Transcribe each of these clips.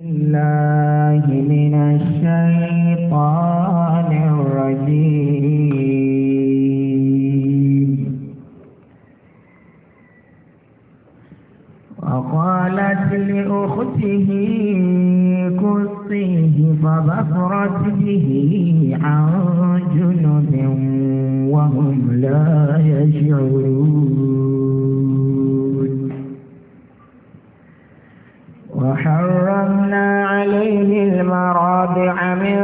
الله من الشيطان الرجيم وقالت لأخته قصيه فبصرت به عن جنب وهم لا يشعرون وحرمنا عليه المرابع من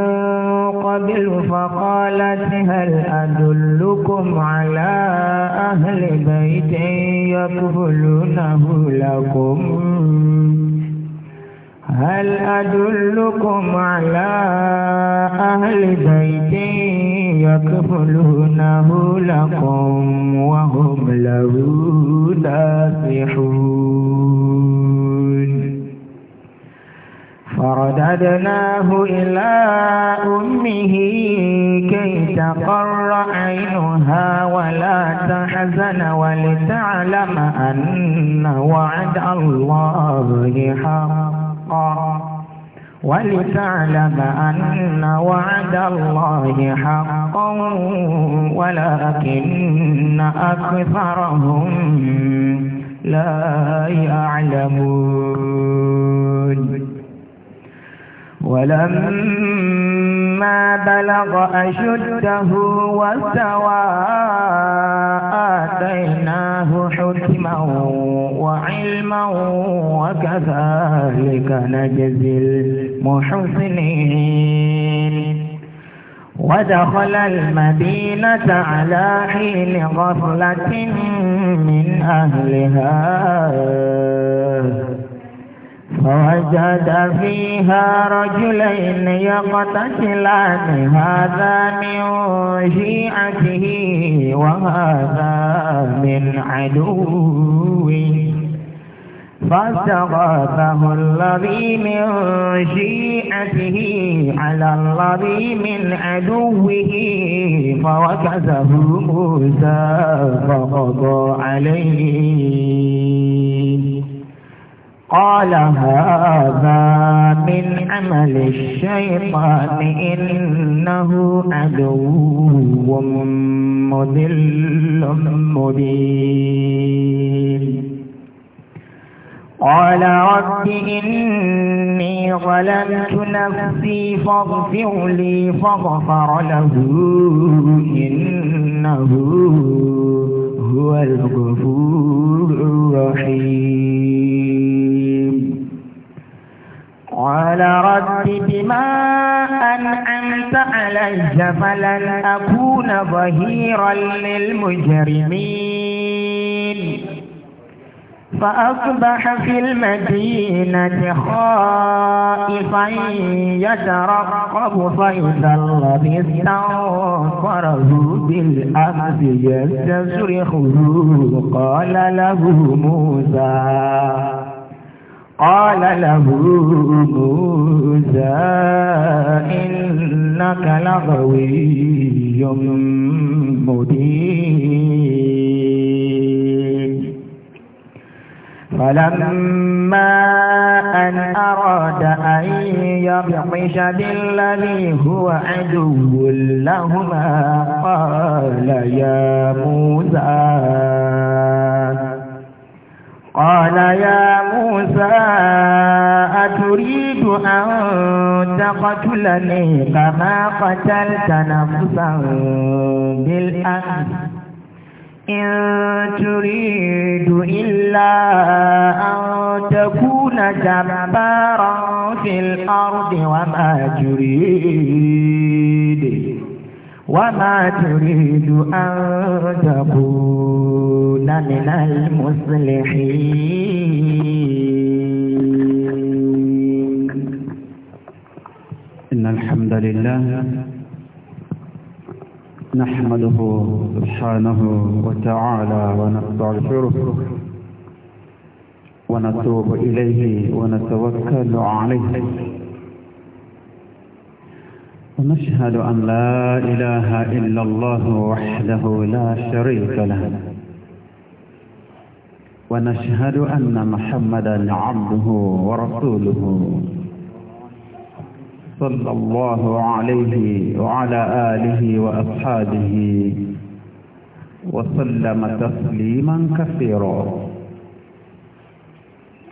قبل فقالت هل أدلكم على أهل بيت يكفلونه لكم هل أدلكم على أهل بيت يكفلونه لكم وهم له ناصحون فرددناه إلى أمه كي تقر عينها ولا تحزن ولتعلم أن وعد الله حقا ولتعلم أن وعد الله حقا ولكن أكثرهم لا يعلمون ولما بلغ أشده واستوى آتيناه حكما وعلما وكذلك نجزي المحسنين ودخل المدينة على حين غفلة من أهلها ووجد فيها رجلين يقتتلان هذا من شيعته وهذا من عدوه فاستغاثه الذي من شيعته على الذي من عدوه فوكزه موسى فقضى عليه قال هذا من عمل الشيطان إنه عدو مذل مبين قال رب إني ظلمت نفسي فاغفر لي فغفر له إنه هو الغفور الرحيم قال رب بما أنعمت علي فلن أكون ظهيرا للمجرمين فأصبح في المدينة خائفا يترقب فإذا الذي استنصره بالأمس يستصرخه قال له موسى قال له موسى إنك لغوي مبين فلما أن أراد أن يبطش بالذي هو عدو لهما قال يا موسى قال يا موسى أتريد أن تقتلني كما قتلت نفسا بالأمس إن تريد إلا أن تكون جبارا في الأرض وما تريد وما تريد أن تكون من المصلحين إن الحمد لله نحمده سبحانه وتعالى ونستغفره ونتوب إليه ونتوكل عليه ونشهد أن لا إله إلا الله وحده لا شريك له ونشهد أن محمدا عبده ورسوله صلى الله عليه وعلى آله وأصحابه وسلم تسليما كثيرا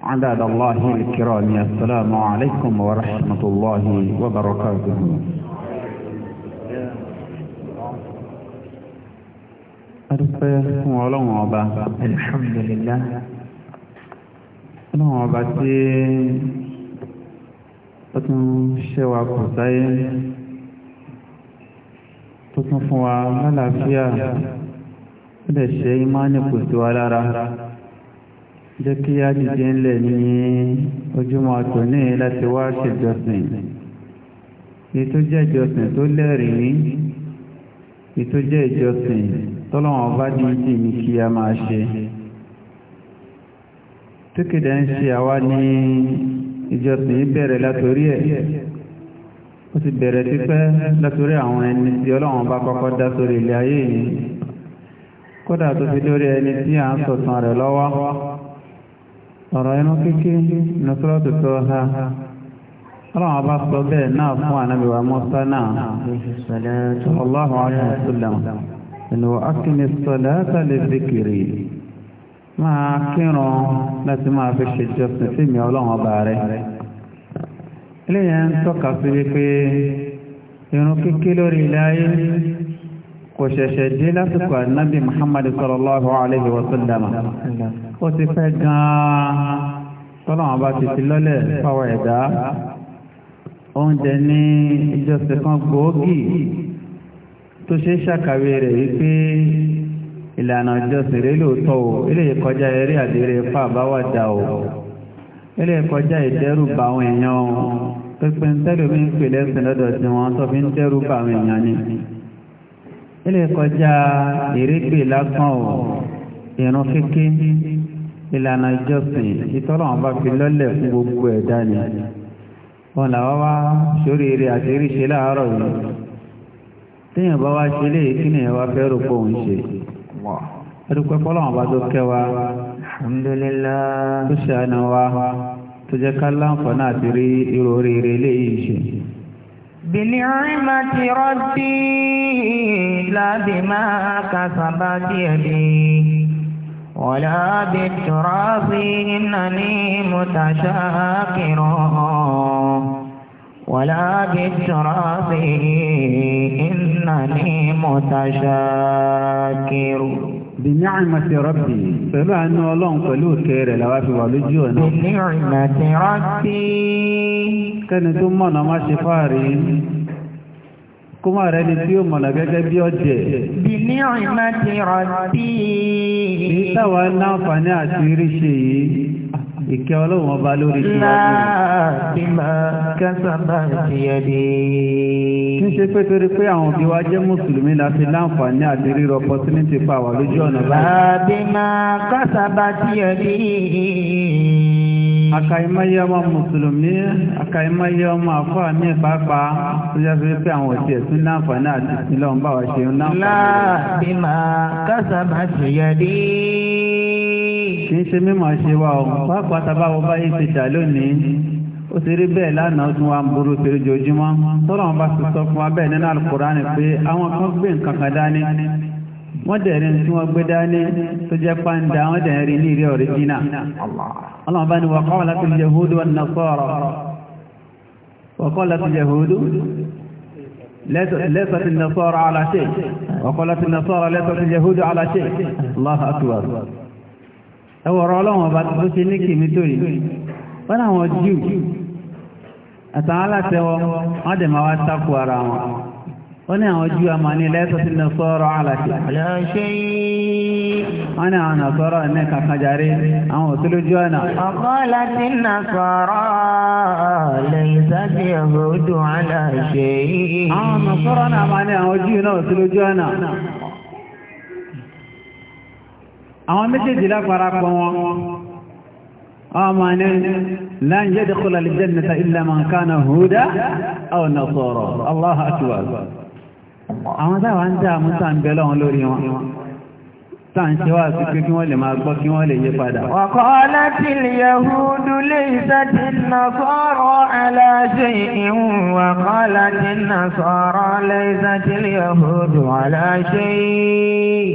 عباد الله الكرام السلام عليكم ورحمة الله وبركاته adúpẹ́ fún ọlọ́run ọba alhamdulillah ọlọ́run ọba tí ó tún ṣẹ́wà kò sáyé tó tún fún wa lálàáfíà ó lè ṣe ìmáàní kò sí wa lára jẹ́ kí á dìde ńlẹ̀ ní ojúmọ́ tòní láti wá ṣèjọsìn èyí jẹ́ ìjọsìn tó lẹ́rìí èyí tó jẹ́ ìjọsìn tọ́lọ́wọ́n bá ní ìdí mi kí a máa ṣe tókèdè ń ṣe àwa ní ìjọsìn bẹ̀rẹ̀ látorí ẹ̀ ó ti bẹ̀rẹ̀ tipẹ́ látorí àwọn ẹni tí ọlọ́wọ́n bá kọ́kọ́ dá sórí ilé ayé yìí kódà tó fi lórí ẹni tí à ń sọ̀tàn rẹ̀ lọ́wọ́ ọ̀rọ̀ inú kíkí nùsọ́rọ̀ tuntun ha ọlọ́run ọba sọ bẹ́ẹ̀ náà fún ànábìwá mọ́sá náà ọlọ́run ọdún sílẹ̀ ẹnu akínni sọlá àtàlẹ zikiri máa kírun láti máa fi ṣèjọsìn sí mi ọlọ́run ọba rẹ eléyà ń tọ́ka sí wípé irun kíkí lórí ilé ayé kò ṣẹ̀ṣẹ̀ dé lásìkò ànábì muhammadu sallallahu alayhi wa sallam ó ti fẹ́ gan-an tọ́lọ́wọ́n bá ti fi lọ́lẹ̀ fáwọn ẹ̀dá oúnjẹ ní ìjọsìn kan gbòógì tó ṣe ṣàkàwé rẹ̀ wípé ìlànà ìjọsìn rẹ̀ lóòótọ́ o ilé ìkọjá eré àdéré fà báwàdà o ilé ìkọjá ìdẹ́rùbà àwọn èèyàn o pínpín tẹ́lómi ń pè lẹ́sìn lọ́dọ̀ tí wọ́n tó fi ń dẹ́rùbà àwọn èèyàn ni ilé ìkọjá ìrégbè lásán o ìrun kéké ìlànà ìjọsìn ìtọ́lọ́wọ́n bá fi lọ́lẹ̀ fún gbogbo ẹ̀dá ni wọn làwọn wá sórí eré àdéré ṣe láàárọ̀ yìí téèyàn bá wá ṣe lé kí ni ẹ̀wá fẹ́ rò pé òun ṣe ẹ̀dùpẹ́ fọ́lọ́wọ́n bá tó kẹwa tó ṣàánà wa tó jẹ́ ká láǹfààní àti rí irú oríire léyìí ṣe. bìlí rímà ti rọ́bì lábì máa kàṣàbá díẹ̀ ni wọ́lá bí tùrọ́bì náà ní mùtàṣá kìrọ̀. ولا بالتراث إنني متشاكر bìnìcìmàtì rọ́bì pẹ̀lú àánú ọlọ́run pẹ̀lú òkè rẹ̀ làwa fi wà lójú ọ̀nà. bìnìcìmàtì rọ́bì. kẹ́ni tó mọ̀nà má ṣe fáàrí kó má rẹ̀ ni tí ó mọ̀nà gẹ́gẹ́ bí ọ̀jẹ̀. bìnìcìmàtì rọ́bì. èyí táwa náà fani àti rí ṣe yìí ìkẹ́ ọlọ́run ọba lórí ti wá bí kásàbà ti yẹ̀dì. kí n ṣe pé torí pé àwọn òbí wa jẹ́ mùsùlùmí la fi láǹfààní opportunity pa wà lójú ọ̀nà báyìí àkàìmáyé ọmọ mùsùlùmí àkàìmáyé ọmọ àfọ́ àmì pàápàá tó yá sí pé àwọn òtí ẹ̀sùn láǹfààní àti ìpínlẹ̀ ọ̀nbá wa ṣe láǹfààní. láàbí máa kásàbà tòyẹ̀dí. kì í ṣe mímọ̀ ṣe wa o pàápàá tábàwọ̀ báyìí ti dà lónìí ó ti rí bẹ́ẹ̀ lánàá tún wa ń burú pẹ̀lú ojoojúmọ́ tọ́lọ́wọ́n bá ti sọ fún wa bẹ́ẹ̀ nínú àlùkùránì pé àwọn kan gbé nǹkan kan dání wọ́n dẹ̀rin tí wọ́n gbé dání tó jẹ́ pàǹdà wọ́n dẹ̀rin ní ilé ọ̀ríjínà ọlọ́run bá ní wa qalatul yahudu wan nasara wa qalatul yahudu laysat an-nasara ala shay wa qalatul nasara laysat al-yahudu ala shay Allahu akbar ẹwọ̀rọ̀ وانا اجيو اماني لا تسل نصارى على كي على شيء انا انا صارى انك اخجاري انا وصلوا جوانا اقالت النصارى ليس يهود على شيء انا صارى انا اماني اجيو انا وصلوا جوانا اما مثل جلا فراقوا اماني لن يدخل الجنة الا من كان هودا او نصارى الله اكبر àwọn táwà ń dá àmúta ń bẹ̀lọ́ wọn lórí wọn táà ń ṣe wá sí pé kí wọ́n lè máa gbọ́ kí wọ́n lè yé padà. وقالت اليهود ليست النصارى على شيء وقالت النصارى ليست اليهود على شيء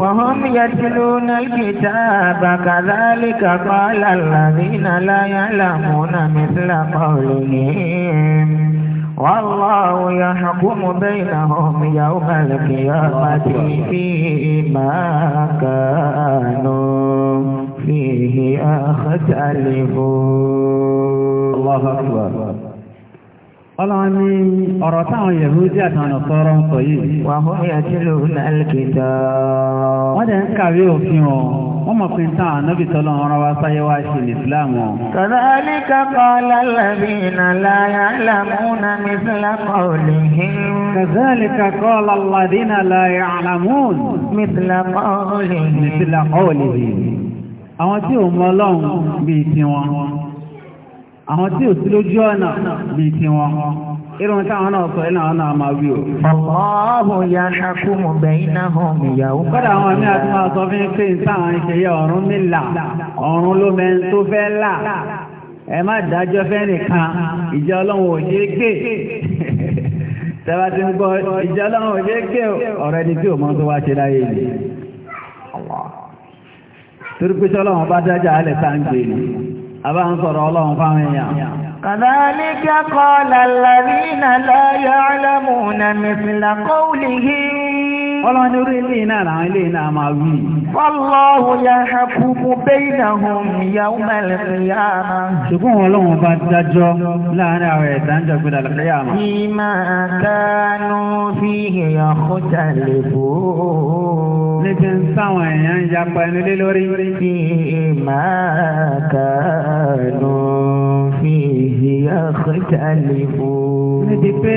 وهم يتلون الكتاب كذلك قال الذين لا يعلمون مثل قولهم والله يحكم بينهم يوم القيامة فيما كانوا فيه أختلفون الله أكبر Ọlọ́run ni ọ̀rọ̀ táwọn Yẹ̀húdí àtàwọn ọ̀sọ́rọ̀ ń sọ yìí. Wà hún yà tí ló ń alìkìtà. Wọ́n dẹ̀ ń kàwé òfin ọ̀. Wọ́n mọ̀ pín táwọn ànábì tọ́lọ́ ọ̀rọ̀ wa sáyé wá ṣe ní Ìsìláàmù. Kadhalika qala alladhina la ya'lamuna mithla qawlihim. Kadhalika qala alladhina àwọn tí ò sí lójú ọ̀nà bíi ti wọn irun táwọn náà sọ ilé àwọn náà máa wí o. ọ̀pọ̀ ya ṣàkóso bẹ̀yìn náà hàn ìyàwó. kódà àwọn mi àti máa sọ fún pé táwọn ṣe yẹ ọ̀run mi là ọ̀run ló mẹ́ni tó fẹ́ là ẹ má dájọ́ fẹ́ nìkan ìjà ọlọ́run ò ṣe é gbé tẹ́lá ti ń gbọ́ ìjà ọlọ́run ò ṣe é gbé ọ̀rọ̀ ẹni tí ò mọ tó wá ṣe láyé yìí. torí pé sọ́lọ́run bá dájà á أبان صلى كذلك قال الذين لا يعلمون مثل قولهم ọlọ́ni orí ilé iná àwọn ilé iná máa wí. Wallahu yahkumu baynahum yawmal qiyamah. ṣùgbọ́n ọlọ́run bá dájọ́ láàrin àwọn ẹ̀dá ń jọ fihi yakhtalifun. níbi ń sáwọn pé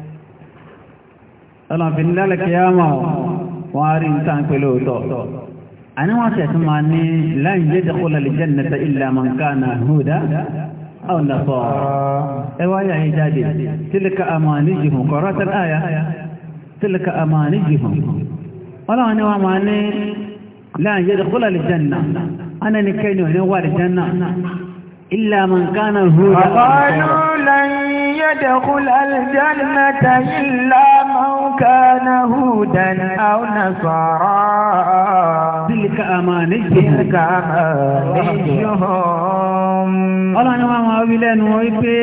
ọlọ́fin lálẹ́ kíyàmọ̀ wọ́n rí ń tàn pẹ̀lú òótọ́ àní wọ́n tẹ̀ tún máa ní láyìn jẹ́ dẹ́kọ́ lálẹ́ jẹ́nẹ̀tẹ̀ ilẹ̀ àmọ̀ǹkánà húdá àwọn nàfọ́ ẹwà yà ń jáde tílíkà àmàní jìhùn kọ̀rọ̀ tẹ́lẹ̀ àyà tílíkà àmàní jìhùn ọlọ́wọ́n ni wọ́n máa ní láyìn jẹ́ dẹ́kọ́ lálẹ́ jẹ́nà anẹ́nikẹ́ni ò ní wà jẹ́nà إلا من كان هودا قالوا لن يدخل الجنة إلا من كان هودا أو نصارى تلك أمانيهم تلك أمانيهم ọlọ́run ni wọ́n máa wí lẹ́nu wípé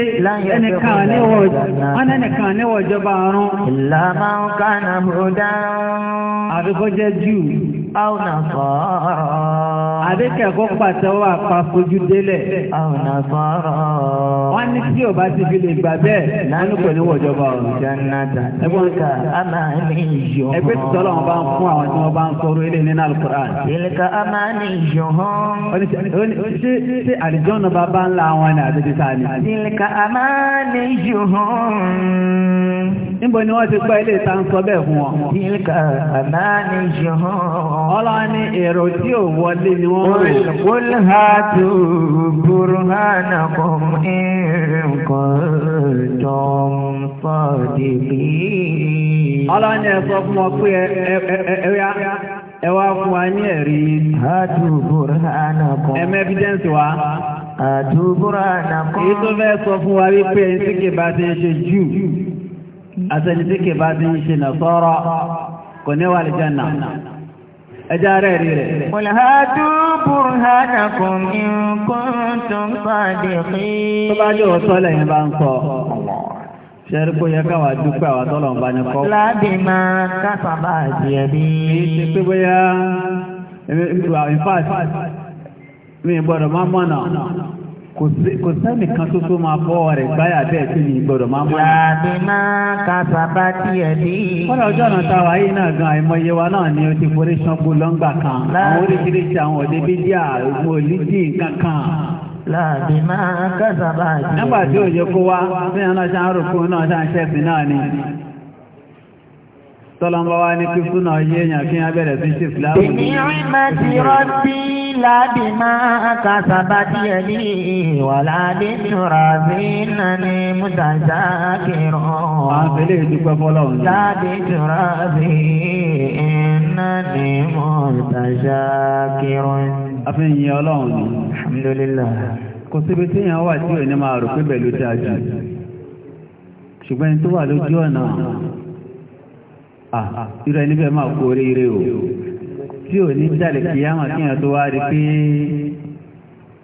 ẹnìkan ní wọ́jọba ọ̀run ìlànà kan náà bó dáa àfikọ́jẹ́ jù àwọnà fọ́ọ̀rọ̀. Àdékẹ̀kọ́ pàtẹ́wọ́ àpapọ̀jú délẹ̀. Àwọnà fọ́ọ̀rọ̀. Wọ́n ní tí ò bá ti fi lè gbà bẹ́ẹ̀ lánú pẹ̀lú wọ̀jọba ọ̀rọ̀. Jannata tilka amaniyuhum. Ẹgbẹ́ ti sọ́lọ́ wọn bá ń fún àwọn tí wọ́n bá ń sọ̀rọ̀ ilé nínú Al-Qur'an. Tilka amaniyuhum. Ṣé àlìjọ́nà bàbá ńlá wọn ni àti títà ni? Tilka amaniyuhum. Níbo ni wọ́n ti pẹ́ ilé ìta sọ bẹ́ẹ̀ fún wọn? Tilka amaniyuhum. ọlọ́ni èrò tí ò wọlé ni wọ́n rẹ̀ ṣùgbọ́n fún ọ pé fún wa ní ẹ̀rí evidence wa èyí tó fẹ́ sọ fún wa wípé ẹni tí kìí bá ti ṣe jù bá ti ṣe kò ní wà lè jẹ́ ẹjá rẹ̀ rí rẹ̀. Qul hatu burhanakum in kuntum sadiqin. tó bá jẹ́ òótọ́ lẹ́yìn bá ń kọ́ ṣẹ́rí kó yẹ káwà dúpẹ́ àwọn tọ́lọ̀ ń bá ní kọ́. láti máa kásábà jẹ bí. ṣe pé bóyá in mi gbọ́dọ̀ má mọ̀nà kò sẹ́ni kan tó tó máa bọ́ rẹ̀ gbáyà bẹ́ẹ̀ tí ní gbọ́dọ̀ máa mọ́ ní. Yàbí máa ka bàbá tiẹ̀ ní. Kọ́lá ọjọ́ ọ̀nà tá a náà gan àìmọye wa náà ni o ti forí sango lọ́ngbà kan. Àwọn oríṣiríṣi àwọn ọ̀dẹ́ bídíà ògùn òlídì nǹkan kan. Láàbí máa ka tiẹ̀ ní. Nígbà tí òye kó wá, bí wọn náà ṣe ń náà ṣe ń náà ni tọ́lọ́mbà wá ní kí súnà yé èèyàn kí wọ́n bẹ̀rẹ̀ sí ṣe ìsìláàmù. èmi rí mẹ́tì rọ́bí lábì máa ka sábàtì ẹ̀lì wà ládé ní ràbí nani mùtàjà kìrọ̀. à ń fẹ́lẹ́ ìdúpẹ́ fọ́lọ́ òun. lábì ní ràbí nani mùtàjà kìrọ̀. a fi yin ọlọ́run ni. alhamdulillah. kò síbi tí èèyàn wà tí ò ní máa rò pé bẹ́ẹ̀ ló dáa jù ṣùgbọ́n tó wà lójú ọ̀nà Ah, irú ẹni bẹ́ẹ̀ máa kó oríire o tí ò ní jàlè kí á máa kíyàn tó wá rí pé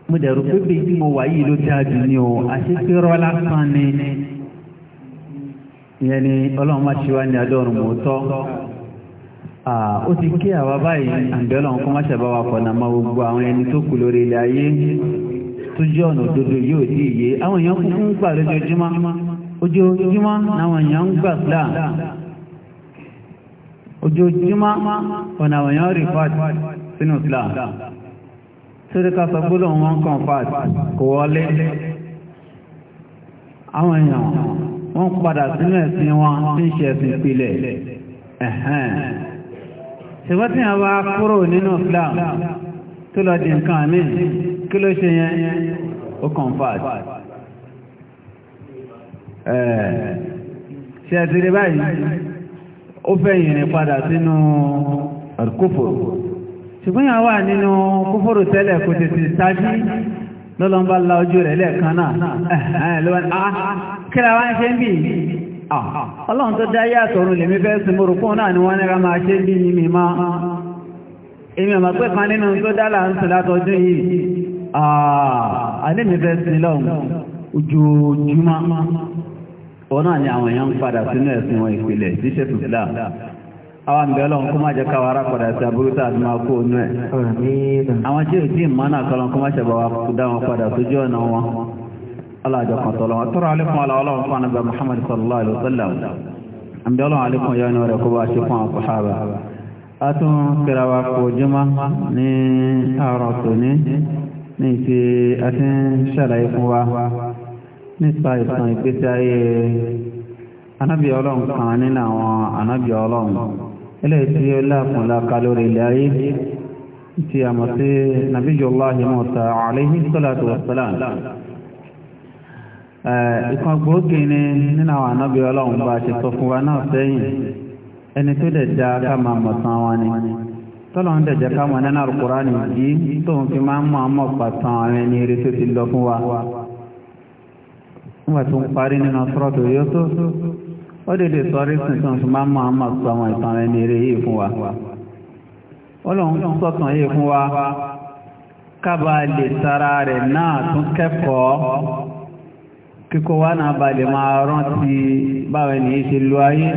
mo dẹ̀rù pé bí mo wà yìí ló a jù ní o àṣepé rọ́lá kan ni ìyẹn ni ọlọ́run máa ṣe wá ní ó ti kí àwa báyìí àǹdẹ́ ọlọ́run kó má ṣàbá wa máa gbogbo àwọn ẹni tó kù lórí ilẹ̀ ayé tó jẹ́ ọ̀nà òdodo yóò àwọn èèyàn kúkú ń gbà lójoojúmọ́ ojoojúmọ́ làwọn ojoojúmọ́ ọ̀nà àwòyàn rí fat sínú islam síríkà sọ gbọ́dọ̀ wọn kàn fat kò wọlé àwọn èèyàn wọ́n padà sínú ẹ̀sìn wọn tí ń ṣe ẹ̀sìn ìpìlẹ̀ ẹ̀hẹ́n ṣùgbọ́n tí wọ́n bá kúrò nínú islam tó lọ di nǹkan àmì kí ló ṣe yẹn ó kàn fat ṣe ẹ̀sìn rí báyìí ó fẹ́ ìrìn padà sínú kúfòrò ṣùgbọ́n yà wà nínú kúfòrò tẹ́lẹ̀ kò tètè sáájú lọ́lọ́mbà la ojú rẹ̀ lẹ́ẹ̀kan náà lọ́wọ́n ah, kíra wá ń ṣe ń bí ah, ọlọ́run tó dáyé àtọ̀run lèmi fẹ́ sí morukún náà ni wọ́n nira máa ṣe bí òun náà ni àwọn èèyàn ń padà sínú ẹ̀sìn wọn ìpìlẹ̀ jíṣẹ́ tùsílà àwọn àmì ọlọ́run kó má jẹ́ káwà ara padà sí àbúrú tá a ti máa kó onú ẹ̀ àwọn tí ò tí ì mọ́ náà kọlọ́n kó má ṣẹ̀bà wa dá wọn padà sójú ọ̀nà wọn ọlọ́jọ́ kan tọ́lọ́ wọn tọ́rọ alẹ́kùn ọlọ́ ọlọ́run fún anábẹ́ Muhammad sallallahu alaihi wasallam àmì ọlọ́run alẹ́kùn yọ ní ọ̀rẹ́ kó bá ṣe fún àwọn sàhábà a tún kíra wa kó jùmọ́ ní àárọ̀ tòní fún wa nípa ìtàn ìpèsè ayé anábì ọlọ́run kan nínú àwọn anábì ọlọ́run eléyìí tí ó láàfún láka lórí ilẹ̀ ayé tí a mọ̀ sí nabiyullahi Musa alayhi salatu wassalam ìkan gbòógì ni nínú àwọn anábì ọlọ́run bá ṣe sọ fún wa náà sẹ́yìn ẹni tó dẹ̀ já ká máa mọ̀ tán wa ni tọ́lọ̀ ń dẹ̀jẹ̀ ká mọ̀ nínú Al-Qur'ani yìí tóun fi máa ń mọ̀ ọmọ pàtàn àwọn ẹni eré tó ti lọ fún wa wọ́n tún parí nínú sọ́rọ̀tò yóò tó ó dèdè sọ́rí tuntun fún máa máa máa sọ àwọn ìtàn ẹni eré yìí fún wa ó lóun sọ̀tàn yìí fún wa kábà lè tara rẹ̀ náà tún kẹ́kọ̀ọ́ kíkó wá náà bá lè máa rántí báwọn ènìyàn ṣe lo ayé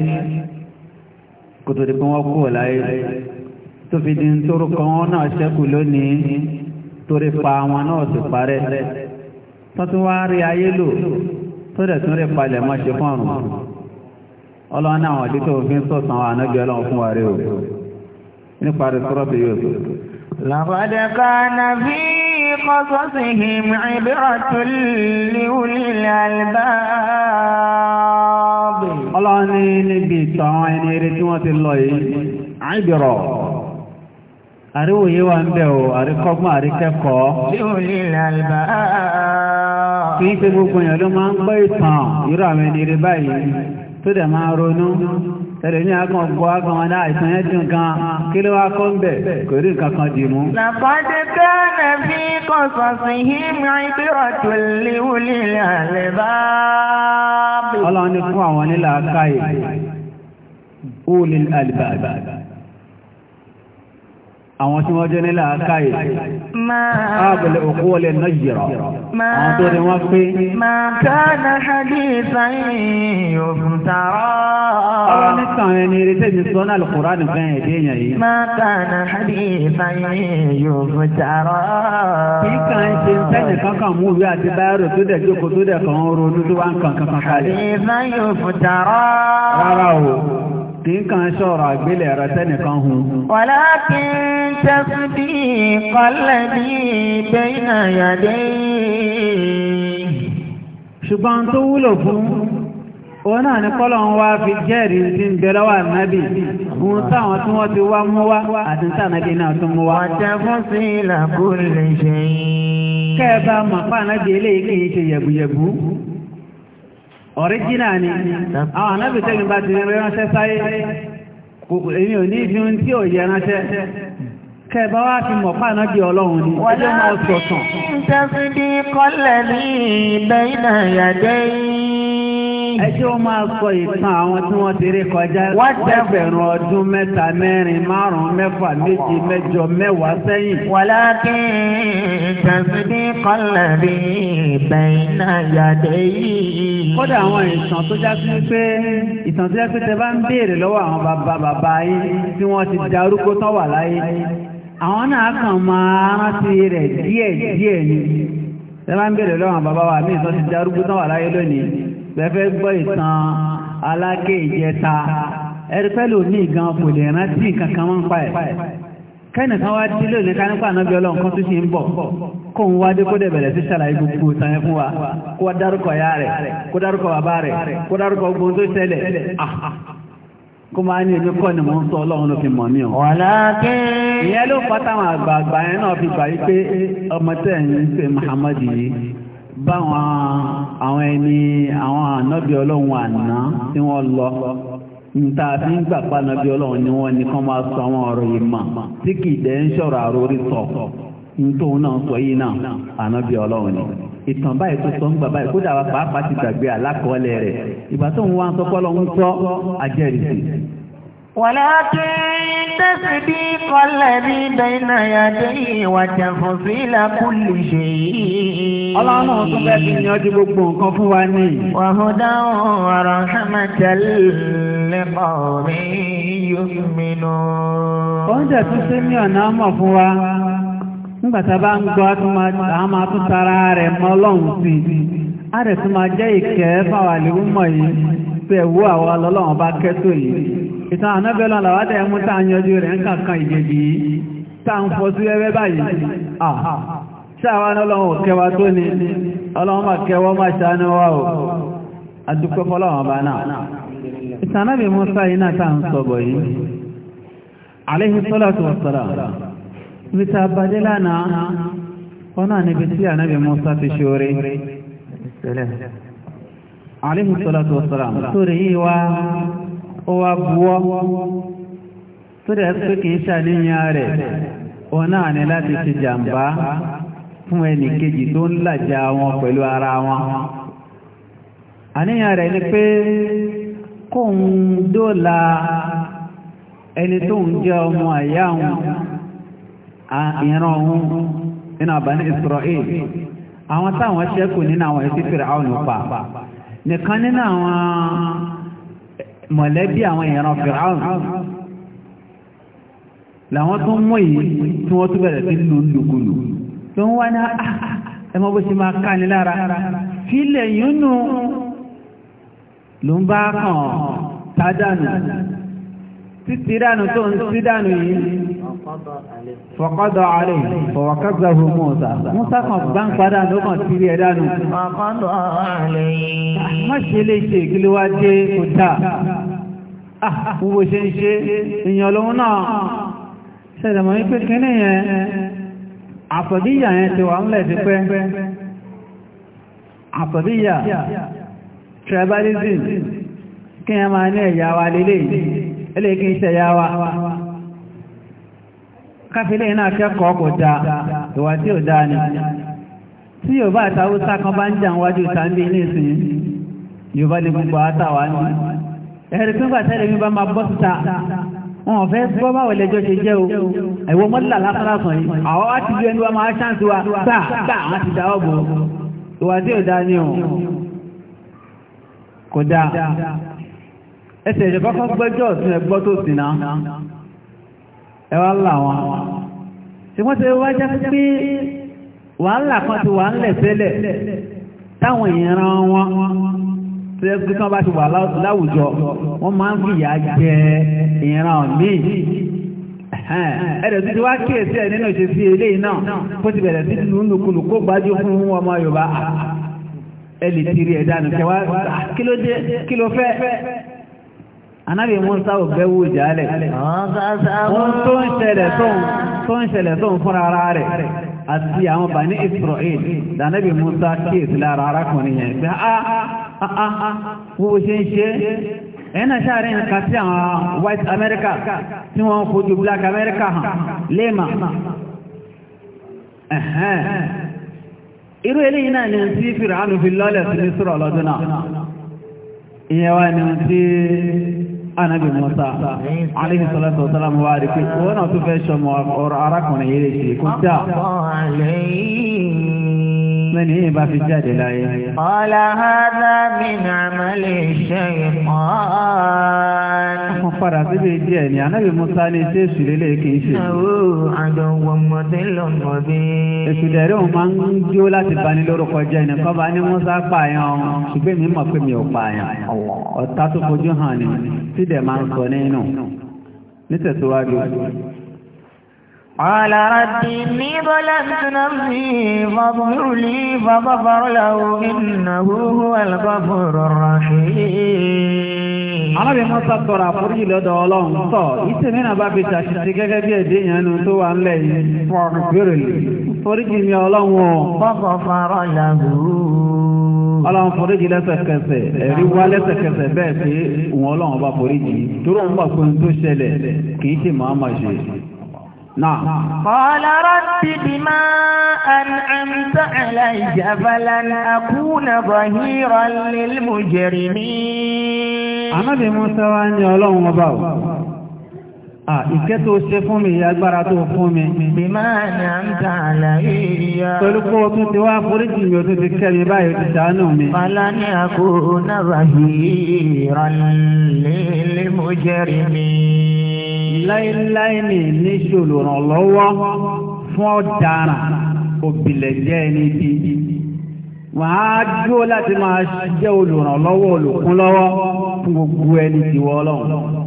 kò tó di pé wọ́n kúrò láyé tó fi di nítorúkọ wọn náà ṣẹ́kù lónìí torí pa àwọn náà sì parẹ́ tó wá rí ayé lò tó dẹ̀ tún rí palẹ̀ mọ́ ṣe fún ọ̀run ọlọ́run náà wọ́n títọ́ òfin sọ̀tàn ànájọ́ ọlọ́run fún wa rí o nípa rẹ̀ sọ́rọ́bì yóò tó. لقد كان في قصصهم عبرة لأولي الألباب. ọlọ́run ní níbi ìtàn ẹni àríwòye wa ń bẹ̀ o àríkọ́gbọ́n àríkẹ́kọ̀ọ́. lórí làlùbá. kì í ṣe gbogbo èèyàn ló máa ń gbọ́ ìtàn irú àwọn ẹni rí báyìí tó dẹ̀ máa ronú tẹ̀lé ní agbọ̀n gbọ́ agbọ̀n wọn náà ìtàn yẹn dùn gan kí ló wá kọ́ ń bẹ̀ kò rí nǹkan kan dì mú. làkọ́dé kẹ́ẹ̀nẹ̀ fi kọ̀sọ̀sì yìí mìíràn ìbírọ̀ tó léwu lílẹ̀ àlẹ́ bá. ọlọ́run ní fún àwọn onílà káyè ó lè àlùbáàbà àwọn tí wọ́n jẹ́ nílà káyè ábẹ̀lẹ̀ òkú ọlẹ̀ náà yìrọ̀ àwọn tó ní wọ́n pé máa káàdà hajji sáyìn òkun tààrà ọ̀rọ̀ nípa àwọn ẹni retẹ́ mi sọ náà nìkan ẹ̀dẹ́ èèyàn yìí máa káàdà hajji sáyìn òkun tààrà kìí kàn ń ṣe kankan mú ìwé àti báyọ̀rò tó dẹ̀ jókòó tó dẹ̀ kàn ń ronú kì í kàn ṣọ́rọ̀ àgbélẹ̀ ẹ̀rọ tẹ́nìkan hun. wàlá kí n tẹ́sí bí kọ́lẹ̀ bí bẹ́yìn àyàdé. ṣùgbọ́n tó wúlò fún òun náà ni kọ́lọ̀ ń wá fi jẹ́rìí tí ń bẹ̀rẹ̀ wà nábì fún táwọn tí wọ́n ti wá mú wá àti tànàbí náà tún mú wá. ọ̀tẹ̀ fún sí ìlàkúlẹ̀ ṣe yín. kẹ́ẹ̀ bá mọ̀ ọ̀ríjínà ni àwọn ànábì tẹ́gbìn bá ti rí ránṣẹ́ sáyé èmi ò ní ibi tí ò yẹ ránṣẹ́ kẹba wá fi mọ̀ pàánà bí ọlọ́run ni ọjọ́ máa sọ̀tàn. wọ́n lọ́wọ́ ń tẹ́sí bí kọ́lẹ̀ ní ìbẹ́ ìnà ìyàjẹ́ yìí yìí. ẹ ṣé ó máa sọ ìtàn àwọn tí wọ́n ti rí kọjá. wọ́n tẹ́gbẹ̀rún ọdún mẹ́ta mẹ́rin márùn-ún mẹ́fà méje mẹ́jọ mẹ́wàá sẹ́yìn. wàlákì tẹ̀sídì kọlẹ̀ rí bẹ̀yìn àyàdé yìí. kódà àwọn ìtàn tó já sí pé ìtàn tó já sí tẹ bá ń béèrè lọ́wọ́ àwọn bàbá bàbá yìí tí wọ́n ti darúgbó tán wà láyé àwọn náà kàn máa rántí rẹ̀ díẹ̀díẹ̀ ni tẹ bá ń béèrè lọ́wọ́ àwọn bàbá wa mí ìtàn ti darúgbó tán wà láyé lónìí lẹ́fẹ́ gbọ́ ìtàn aláké ìjẹta ẹ̀rẹ́fẹ́lò ní ìgan kò lè rántí nǹkan kan wọ́n ń pa ẹ̀ kẹ́nìkan wá tí lè nìkan nípa ànábí ọlọ́nkan tó ṣe ń bọ̀ kó ń wá dé kó dẹ̀ bẹ̀rẹ̀ sí ṣàlàyé gbogbo ìtàn fún wa kó wá dárúkọ ya rẹ̀ kó dárúkọ bàbá rẹ̀ kó dárúkọ gbogbo tó ṣẹlẹ̀ ah! kó máa ní èmi kọ́ ni mò ń sọ ọlọ́run ló fi mọ̀ mí o. ìyẹn ló pátá àwọn àgbààgbà yẹn náà fi gbà yí pé ọmọ tẹ̀ ń ṣe Muhammad yìí báwọn àwọn ẹni àwọn ànábì ọlọ́run àná tí wọ́n lọ nta fi ń gbà pa ànábì ọlọ́run ni wọ́n nìkan máa sọ àwọn ọ̀rọ̀ tí kì í ń sọ nítorí náà sọ yìí náà ànábì ọlọ́run ni ìtàn báyìí tó sọ ń gbà báyìí kódà pàápàá ti gbàgbé rẹ̀ ń ولكن تصديق الذي بين يديه وتفصيل كل شيء Ọlọ́run tún bẹ́ẹ̀ ti yanjú gbogbo nǹkan fún wa وهدى ورحمة لقوم يؤمنون. Oúnjẹ tún ṣe Nígbà tá ń gbọ́ a máa tún tara rẹ̀ mọ́ Ọlọ́run sí A rẹ̀ tún máa jẹ́ ìkẹ́ fáwọn àlèwúmọ̀ yìí. Bẹ́ẹ̀ àwọn ọlọ́run bá kẹ́ yìí ìtàn ànábẹ́lọ́ làwádẹ́ ẹmú tàà yanjú rẹ̀ ń kàkàn ìgbèbí tàà ń fọ́ sí ẹwẹ́ báyìí ṣáwá ní ọlọ́run kẹwa tó ní ọlọ́run máa kẹwọ́ máa ṣàánú wá náà níbi tí ànábì Mùsá fi ṣoore alayhi salatu wassalam sórí yìí wá ó wá buwọ́ tó dẹ̀ rẹ̀ ó náà láti ṣe fún ẹni kejì tó ń làjà wọn pẹ̀lú ara wọn àníyàn rẹ̀ ni pé kóun dóòlà ẹni tó ń jẹ́ ọmọ àyá ìran ohun nínú àbáni Israel àwọn táwọn ṣẹ́kù nínú àwọn nìkan nínú àwọn mọ̀lẹ́bí àwọn ìran fìràún làwọn tó mọ̀ yìí tí wọ́n tó bẹ̀rẹ̀ sí lò lòkòlò tó ń wá ní ah, ah, ah, ẹmọ bó ṣe máa ká ní lára fílẹ̀ yúnnù ló ń bá kàn tádànù títí dànù tó ń sí dànù yìí fọ̀kọ́dọ̀ àlẹ́ fọ̀wọ̀kọ́gbẹ̀hù mọ́ta mọ́ta kan bá ń padà lọ́kàn tí rí ẹ̀dánù fọ̀kọ́dọ̀ àlẹ́ mọ́ṣe lè ṣe ìgbìlúwá dé kò dáa gbogbo ah, ṣe ń ṣe èèyàn lọ́wọ́ náà ṣẹ̀dẹ̀mọ̀ ní pé kíní yẹn àfọ̀díyà yẹn ti wà ń lẹ̀ ti pẹ́ àfọ̀díyà tribalism kí ẹ máa ní ẹ̀yà wa lélẹ̀ ẹlẹ́kí ń ṣẹ̀yà wa káfílẹ̀ iná akẹ́kọ̀ọ́ kò dáa ìwà tí ò dáa ni tí yorùbá àtàwùsá kan bá ń jà wájú ìtàndé ní ìsìn yorùbá ní gbogbo àtàwà ní ẹ̀rì tó gbà tẹ́lẹ̀ mi bá máa bọ́ síta wọn fẹ́ gbọ́ báwo lẹ́jọ́ ṣe jẹ́ o ẹ̀wọ́ mọ́lá lásán yìí àwọn á ti ju ẹni wa máa ṣáǹsì wa gbà gbà wọn ti dáwọ́ bò ìwà tí ò o kò dáa ẹsẹ̀ ìṣẹ̀kọ́kọ́ gbẹ́jọ́ ọ̀sùn ẹ̀gbọ́ ẹwà ńlá wọn tí wọ́n ti wá jẹ́ pé wàhálà kan ti wà ń lẹ̀ tẹ́lẹ̀ táwọn ìran wọn tí ẹgbẹ́ tí wọ́n bá ti wà láwùjọ wọ́n máa ń fìyà jẹ ìran míì ẹ̀rẹ̀ tí wá kíyèsí ẹ̀ nínú ṣe eléyìí náà kó ti bẹ̀rẹ̀ sí lùlùkulù kó gbájú fún ọmọ Yorùbá ẹ lè tiri ẹ̀dánù kẹwàá kí ló dé kí ló fẹ́ anábì Mùsá ò bẹ́wò jálẹ̀ wọ́n tó ń ṣẹlẹ̀ tó ń fúnra ara rẹ̀ àti àwọn Bani Israel dànábì Mùsá kéèsì lára arákùnrin yẹn pé a ah, a ah, a ah, a wo ṣe ń ṣe ẹ̀nà sáàrin nǹkan sí àwọn White America tí wọ́n ń fojú Black America hàn lẹ́mà irú eléyìí náà ni anabi musa alayhi salatu wa salam wa rí pé wọ́n náà fẹ́ ṣọmọ ọ̀rọ̀ arákùnrin yìí lè ṣe kó mẹ́ni yìí bá fi jáde láyé. Ọlá padà síbi díẹ̀ ni, ànábì Musa ní ṣé èṣù lélẹ̀ kì ṣe. Ẹ̀wọ́ dẹ̀rẹ́ òun máa ń jó láti bani lórúkọ jẹ́ ni, kọ́ba ní Musa pààyàn o, ṣùgbọ́n mi mọ̀ pé mi ò pààyàn. Ọ̀tá tó fojú hàn ni, tí dẹ̀ máa ń sọ nínú. Nítẹ̀síwájú. قال رب إني ظلمت نفسي فاغفر لي فغفر له إنه هو الغفور الرحيم Alábẹ̀ Mọ́sá tọrọ àforíjì lọ́dọ̀ Ọlọ́run sọ, ìtẹ̀ mìíràn bá fi ṣàṣìṣe gẹ́gẹ́ bí ẹ̀dẹ́ ìyẹnu tó wà ń lẹ̀ yìí fún ọ̀rọ̀ Foríjì mi Ọlọ́run. Bọ́bọ̀ fara yàgò. Ọlọ́run foríjì lẹ́sẹ̀kẹsẹ̀, ẹ̀rí wá lẹ́sẹ̀kẹsẹ̀ bẹ́ẹ̀ sí òun Ọlọ́run bá foríjì. Toró ń bọ̀ pé ohun tó ṣẹlẹ̀ kì í ṣe màá máa ṣe. قال رب بما أنعمت علي فلن أكون ظهيرا للمجرمين أنا بمستوى أن يولون وباو ìkẹ́ tó ṣe fún mi agbára tó fún mi. Bímá ni a ń ta àlàyé ìyá. Tolúkọ́ tún ti wá foríjì mi ó tún ti kẹ́ mi báyìí ti ṣàánú ẹni bíbí. Wàá dúró láti máa jẹ́ olùrànlọ́wọ́ olùkúnlọ́wọ́ fún gbogbo ẹni tìwọ́ ọlọ́run.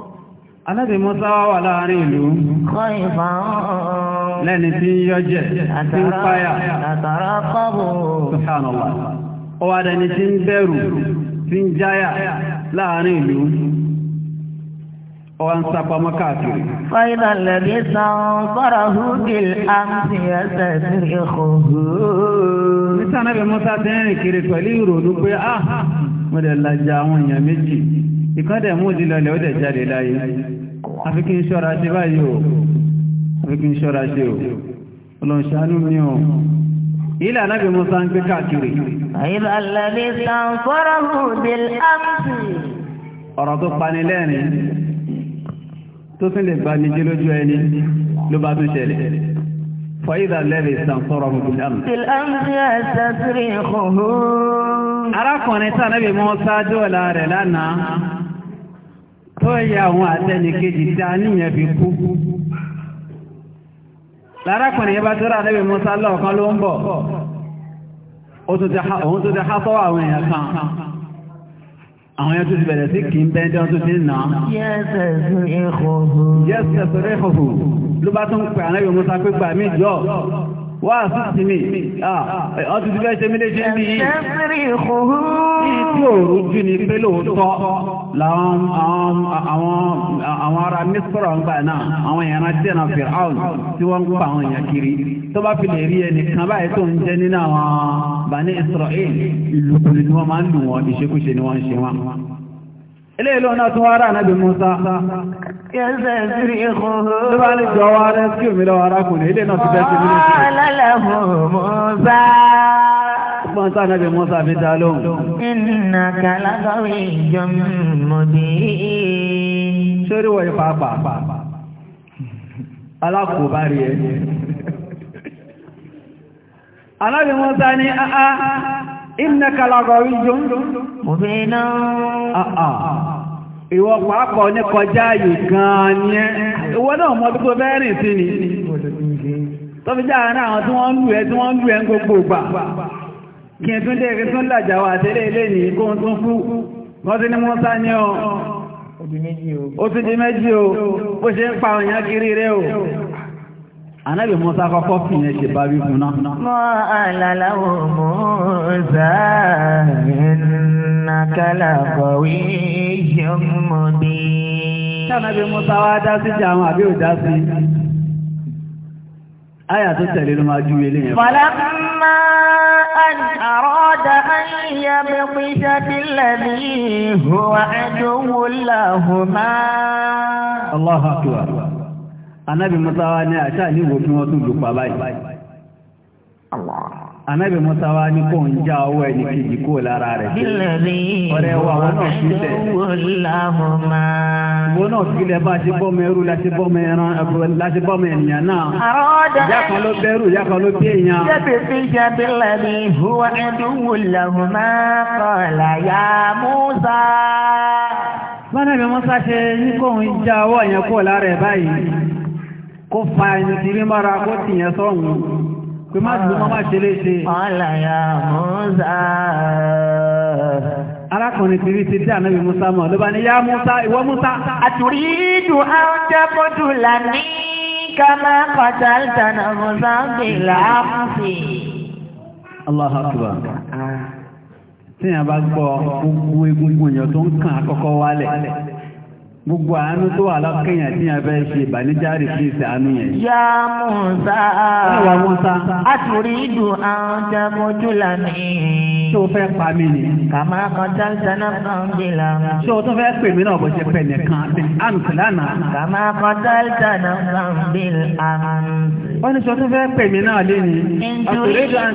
Anábì Musa wá wà láàrin ìlú. Kọ́ ìfàn lẹ́ni tí ń yọjẹ̀ tí ń páyà. Àtàrà kọ́bù. Subhanallah. Ó wá dẹni tí ń bẹ̀rù tí ń jáyà láàrin ìlú. Ó wá ń sapá mọ́ káàkiri. Fáìlà lẹ́bí san fọ́rọ̀ húgìl àmì ẹsẹ̀ sí ìkò. Níta Anábì Musa ti rìn kiri pẹ̀lú ìrònú pé, "Ah, mo dẹ̀ lajà àwọn èèyàn méjì. Ìkọ́dẹ̀ mú ìdílọlẹ̀ ó dẹ̀ jáde láyé àfi kí n ṣọ́ra ṣe báyìí o àfi kí n ṣọ́ra ṣe o ọlọ́ṣàánú mi o ilẹ̀ anábì musa ń gbé káàkiri. àyíbá lẹ́bí san fọ́rọ̀ hùdìl ámsì. ọ̀rọ̀ tó pani lẹ́rìn tó tún lè bá níjẹ́ lójú ẹni ló bá tún ṣẹlẹ̀. fọ́ìdà lẹ́bí san fọ́rọ̀ arákùnrin tí anábì musa dóòlà rẹ̀ lánàá tó yẹ àwọn àtẹnìkejì tí a níyàn fi kú lárákùnrin yẹn bá tó rà níbi Musa lọ́ọ̀kan ló ń bọ̀ òun tó ti há àwọn èèyàn kan àwọn yẹn tó ti bẹ̀rẹ̀ sí kì í bẹ́ẹ̀ dán tó ti nà án. yẹ́sẹ̀sùn ìhòhò ló bá tún pè ànábì Musa pé gbà mí wá àfíìsì mi ọdún ti fẹ́ ṣe mílé ṣe ní ìtí òru jù ní pé lóòótọ́ àwọn ará mísọ́rọ̀ ń gbà náà àwọn èèyàn tí ẹ̀nà fìràún tí wọ́n ń pa àwọn èèyàn kiri tó bá fi lè rí ẹni kan báyìí tó ń jẹ́ nínú àwọn Bani Israel ìlúkulù ni wọ́n máa ń lù wọn ìṣekúṣe ni wọ́n ń ṣe wọn eléyìí lóun náà tún wá rà náà bí Musa Kẹ́sẹ̀ sí ìkún. Ló bá ní jọ wá rẹ́ sí òmìnira arákùnrin, ilé náà ti fẹ́ sí mílíọ̀nù. Wọ́n lálẹ́ fún Mọ́sá. Ọgbọ́n sáà náà bí ìwọ pàápàá ní kọjá yìí gan-an ni ẹ́ ìwọ náà mọ́ tó fẹ́ sí ni tó fi jáà náà tí wọ́n ń lù ẹ́ tí wọ́n ń lù ẹ́ ń gbogbo gbà kí n tún dé kí tún làjà wà ní kó ń tún kú wọ́n ti ní mọ́sá ní ọ ó ti di méjì o bó ṣe ń pa òyìn kiri rẹ o Ànábì Musa kọ́kọ́ fi yẹn ṣe bá wífún náà. Mọ́ àlàláwò Musa iná kálàkọ̀ tó tẹ̀lé ló máa ju ilé yẹn. Fọlámà àrọ́dà ayé bẹ́kúṣẹ́ bílẹ̀ ní ìhùwà ẹ̀dùn wò láhùn máa. Allahu akbar anábì Musa wá ní àṣà ní ìwò fún wọn tún lò pa báyìí anábì Musa wá ní kò ń já ọwọ́ ẹni kejì kó lára rẹ̀ ọ̀rẹ́ wa wọn náà fi lẹ̀ wọn náà fi lẹ̀ bá ṣe bọ́mọ ẹrú láti bọ́mọ ẹran láti bọ́mọ ènìyàn náà ìyá ló bẹ́rù ìyá ló bí èèyàn. jẹ́bi fi jẹ́bi lẹ́bi huwa ẹ̀dùnwó lẹ́hùn máa kọ̀ láyà Musa bánàbí Musa ṣe ní kóhun já ọwọ́ yẹn kó lára ẹ̀ báyìí kó fa ẹni tí rí mọ́ra kó tìyẹn sọ́hun pé má dùn mọ́ má ṣe Musa. arákùnrin ti rí Musa mọ̀ ló bá ní yá Musa Musa. àtúrí na Musa bá gbọ́ gbogbo egungun tó ń Gbogbo àánú tó wà lọ́kẹ́yàn tí a bẹ́ ṣe ìbànújáre sí ìsẹ̀ àánú yẹn. Yá Mùsá. Ẹwà Mùsá. A tún rí ìdùn àwọn jẹmojú lànà. Ṣé o fẹ́ pa mí ni? Kàmá kan dáńtà náà kan gbé la. Ṣé o fẹ́ pè mí náà bó pẹ̀ nìkan bí àǹtí Kàmá kan dáńtà náà kan gbé la. Wọ́n ní ṣe o fẹ́ pè mí náà lé ni? A tún rí ìdùn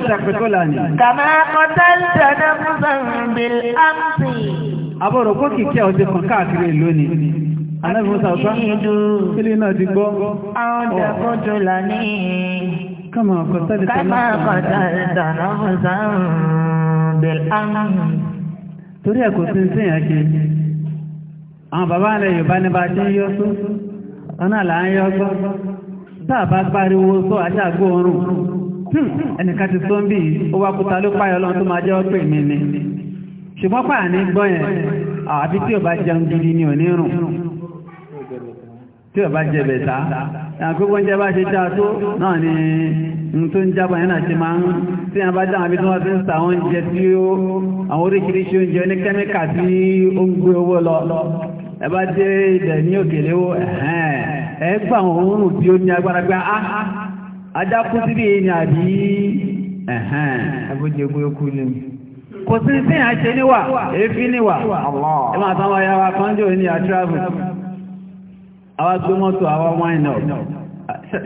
Kàmá kan dáńtà náà kan gbé la àbọ̀rọ̀ kó kìkẹ́ ọ̀tẹ́ kan káàkiri lónìí anábì musa ọ̀tá kílé náà ti gbọ́ àwọn dàkójò lánìí kama kọtàlì tànà fúnṣán bẹ̀rẹ̀ àwọn torí ẹ̀kọ́ sí ń sìn ẹ̀kẹ́ àwọn bàbá rẹ̀ yorùbá ní bá ṣe yọ́ só ọ̀nà là ń yọ́ gbọ́ táà bá pariwo só àti àgbo ọrùn hmm, ẹnìkan ti sọ ń bì ó wá ló páyọ̀ lọ́n tó máa jẹ́ ọ́ pè ṣùgbọ́n pàà ní gbọ́n yẹn àbí tí ò bá jẹun gidi rùn tí ò bá jẹ bẹ̀ta àgbégbó oúnjẹ bá ṣe já tó náà ni n tó ń jábọ̀ yẹn náà ṣe máa ń tí a bá dáhùn àbí tí wọ́n ti ń ta oúnjẹ tí ó àwọn oríṣiríṣi oúnjẹ ní kẹ́míkà tí ó ń gbé owó lọ ẹ bá dé ilẹ̀ ní òkèlè ó ẹ gbà tí kò sí sí àṣẹ níwà èéfín níwà ẹ máa tán wáyá kan jò ní àtúráfù awa mọ́tò wine up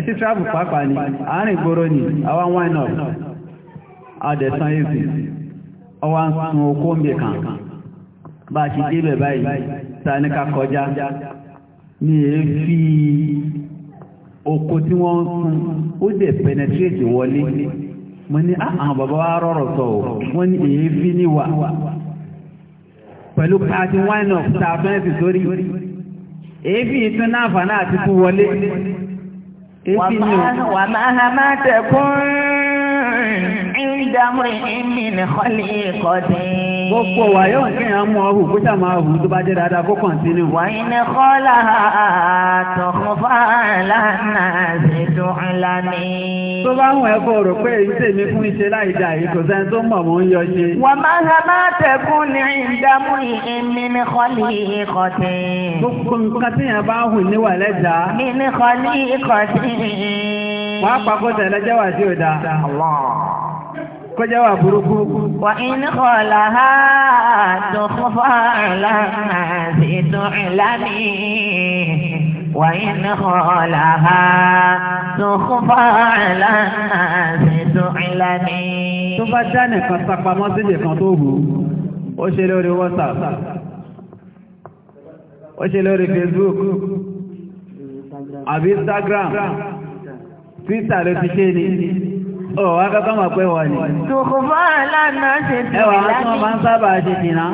sí travel pàápàá ni àárín ìgboro ni àwa wine up àdẹ̀sán èsì ọwá sun okó ń bè kàn bá oko tí wọ́n sun ó wọlé wọ́n ní ah, àwọn bàbá wa rọrọ̀ sọ wọ́n ní èéfí pẹ̀lú pàtí wáìnà tààfẹ́ǹsì sórí èéfí tún náà fà náà ti kú ní dámú ìmì ní kọ́lé kọ́dé. Gbogbo wà yóò kí mú ọhù kó sàmà ọhù tó bá jẹ́ dáadáa kó kọ̀ntínú. Wà ní kọ́lá àtọ̀kọ́fà lánàá ṣe dùn lánàá. Tó bá ń wẹ̀ kó rò pé iṣẹ́ mi fún iṣẹ́ láì dà yìí kò sẹ́ni tó mọ̀ mọ́ ń yọ ṣe. Wà máa ha máa tẹ̀kún ní ìdámú ìmì ní kọ́lé kọ́dé. Gbogbo nǹkan tí yẹn bá hù níwà lẹ́jà. Mi ní kọ́lé kọ́dé. Wàá pàkó sí òdà. Allah kọjá wà burúkú. wà inú kọlá ha tó fún fàlà sí tó ìlànà wà inú kọlá ha tó fún fàlà sí tó ìlànà. tó bá já nìkan sapamọ́ sílẹ̀ kan tó wù ó ṣe lórí WhatsApp ó ṣe lórí Facebook àbí Instagram Twitter ló ti ṣe ni. ọ̀wọ́ akẹ́kọ̀ọ́ mọ̀ pé wọ́n ni. Dùkùfọ́ aláàánú ṣe ti wà láti. Ẹwà tí wọ́n máa ń sábà ṣe jìnà.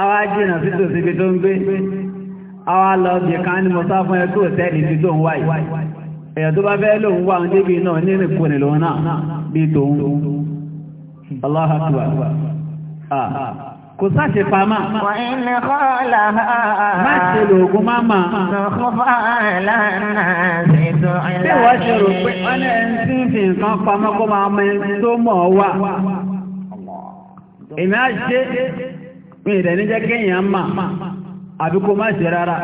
Àwa jìnà sí tòsí ibi tó ń gbé. Àwa lọ bí kan ní mo sá fún kò sáṣe pamá. wọ́n ní kọ́lá ha. má ṣe lo oògùn má mà. sọ̀kọ́fà lánà ṣètò ìlànà. bí wọ́n ṣe rò pé wọ́n ní ẹni tí ń fi nǹkan pamọ́ kó máa mọ ẹni tó mọ̀ ọ́ wà. èmi á ṣe mi ìdẹ̀ ní jẹ́ kéèyàn mà àbí kó má ṣe rárá.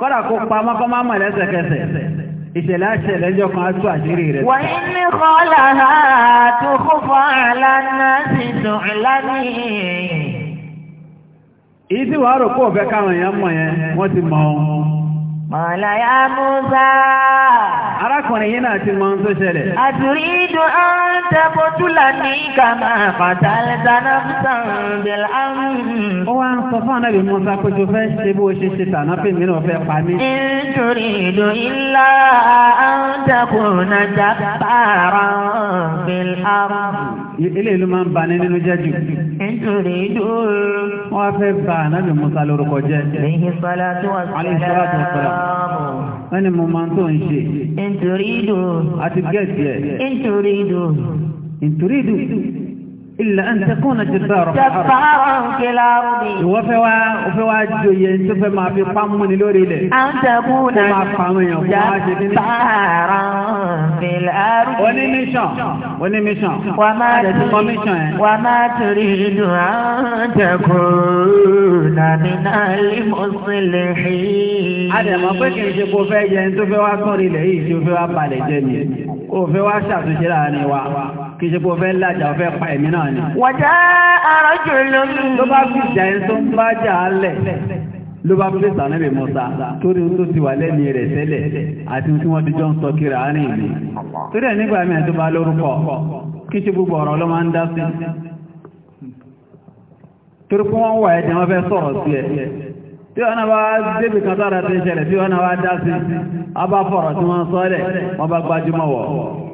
kọ́dà kó pamọ́ kó má mọ̀ lẹ́sẹ̀kẹsẹ̀. ìṣẹ̀lẹ̀ àṣẹlẹ̀ ẹjọ́ kan aṣọ àṣírí rẹ̀. wà ní kọ́lá ha tó kó àlànà sí dùn lánìí. káwọn èèyàn Mọ̀lá ya Musa. Arákùnrin yìí náà ti mọ ohun tó ṣẹlẹ̀. Àtúrí ìdò àwọn tẹ́bọ̀túlà ní kàmá fàtàlẹ́ta náà sàn bẹ̀lá. Ó wá ń sọ fún ànábì Musa pé jù fẹ́ ṣe bó ṣe ṣe tàná pé mi náà fẹ́ pa mí. Nítorí ìdò ìlà àwọn tẹ́kùnà jàbára bẹ̀lá. Ilé ìlú máa ń bani nínú jẹ́ jù. Nítorí ìdò. Wọ́n fẹ́ ba ànábì Musa lórúkọ jẹ́. Àlè ìṣọ́lá tí wọ́n sọ wọ́n ni mo máa ń tó ń ṣe. nítorí ìdò. a ti gẹ̀ẹ́sì ẹ̀. nítorí ìdò ilẹ̀ ẹ̀ ń tẹ́kùn náà ti sọ̀rọ̀ àrùn. ìwọ fẹ́ wá o fẹ́ wá joyè tó fẹ́ máa fi pamọ́ ní lórí ilẹ̀. à ń tẹ́kùn náà kó máa pamọ́ yẹn kó máa ṣe kí ni. oní mission oní mission. wà á máa tẹ̀lé commission yẹn. wà á máa tẹ̀lé inú à ń tẹ́kùn nàmí náà lè mọ̀ sílẹ̀ hí. a dẹ̀ mọ̀ pé kì í ṣe kó fẹ́ yẹn tó fẹ́ wá sọ̀rọ̀ ilẹ̀ yìí tó fẹ́ wá balẹ̀ jẹ́ ni kó fẹ́ wá ṣàtúnṣe láàrin wa kì í ṣe bó fẹ́ lájà ọ̀fẹ́ pa ẹ̀mí náà ni. wọ́já àrọ́jù lónìí. ló bá fi jà ẹ́ tó ń bá jà á lẹ̀ ló bá fi sànà mi mọ́ta torí tó ti wà lẹ́ni rẹ̀ tẹ́lẹ̀ àti tí wọ́n ti jọ ń sọ kiri àárín mi. torí ẹ̀ nígbà mìíràn tó bá lórúkọ kì í ṣe gbogbo ọ̀rọ̀ ló máa ń dá sí. torí pé wọ́n wà ẹ̀jẹ̀ wọn fẹ́ sọ̀rọ̀ sí ẹ̀ tí wọn náà wá débi kan sára tí ń ṣẹlẹ̀ tí wọn náà wá dá sí abá fọ̀rọ̀ tí wọ́n sọ ẹ̀ wọ́n bá gbajúmọ̀ wọ̀.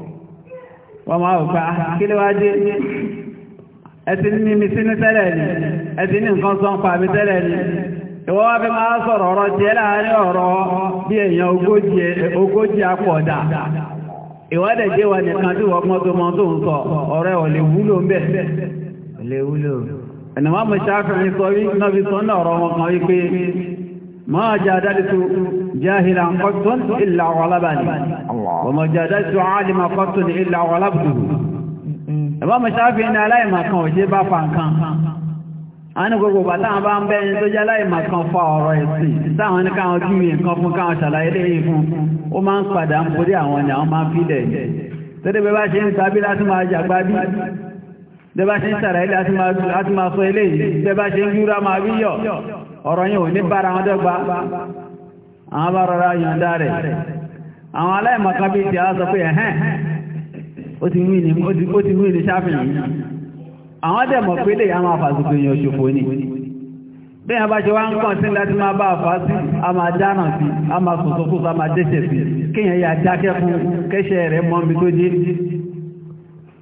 wọ́n máa wò pa ah, kí ló wá dé ẹtì ní mi sínú tẹ́lẹ̀ ni ní nǹkan sọ ń pa mi tẹ́lẹ̀ ni ìwọ́n wá fi máa sọ̀rọ̀ ọ̀rọ̀ jẹ́ ọ̀rọ̀ bí èèyàn ogójì apọ̀dà ìwọ́dẹ̀ jẹ́ wa nìkan tí wọ́n tó mọ́ tó ń sọ ọ̀rẹ́ wúlò ń bẹ̀ ẹ̀nà wọ́n mọ̀ mi ما جادلت جاهلا قط إلا غلبني وما جادلت عالما قط إلا غلبته ẹ̀bá mọ̀ ṣáfihàn ní aláìmọ̀kan ò ṣe bá fa nǹkan a ní gbogbo bàtà bá ń bẹ́yìn tó jẹ́ aláìmọ̀kan fa ọ̀rọ̀ ẹ̀sìn táwọn ní káwọn júwe nǹkan fún káwọn ṣàlàyé lẹ́yìn fún ó máa ń padà ń borí àwọn ni àwọn máa ń fílẹ̀ tẹ́lẹ̀ bẹ́ bá ṣe ń gbábí láti máa jàgbábí bẹ́bá ṣe ń sàrà ilé àti máa sọ ilé yìí bẹ́bá ṣe ń yúra máa bí yọ ọ̀rọ̀ yìí ò ní bára wọn dọ́gba àwọn bá rọra yọ̀ǹda rẹ̀ àwọn aláìmọ̀kan bí ti àwọn sọ pé ẹ̀hẹ́n ó ti wí ní sáfihàn àwọn dẹ̀mọ̀ pé lè àwọn àfàsùkò èèyàn ṣòfò ní bí a bá ṣe wá ń kàn sí láti máa bá àfà sí a máa dáná sí a máa sọ̀sọ̀kúsọ a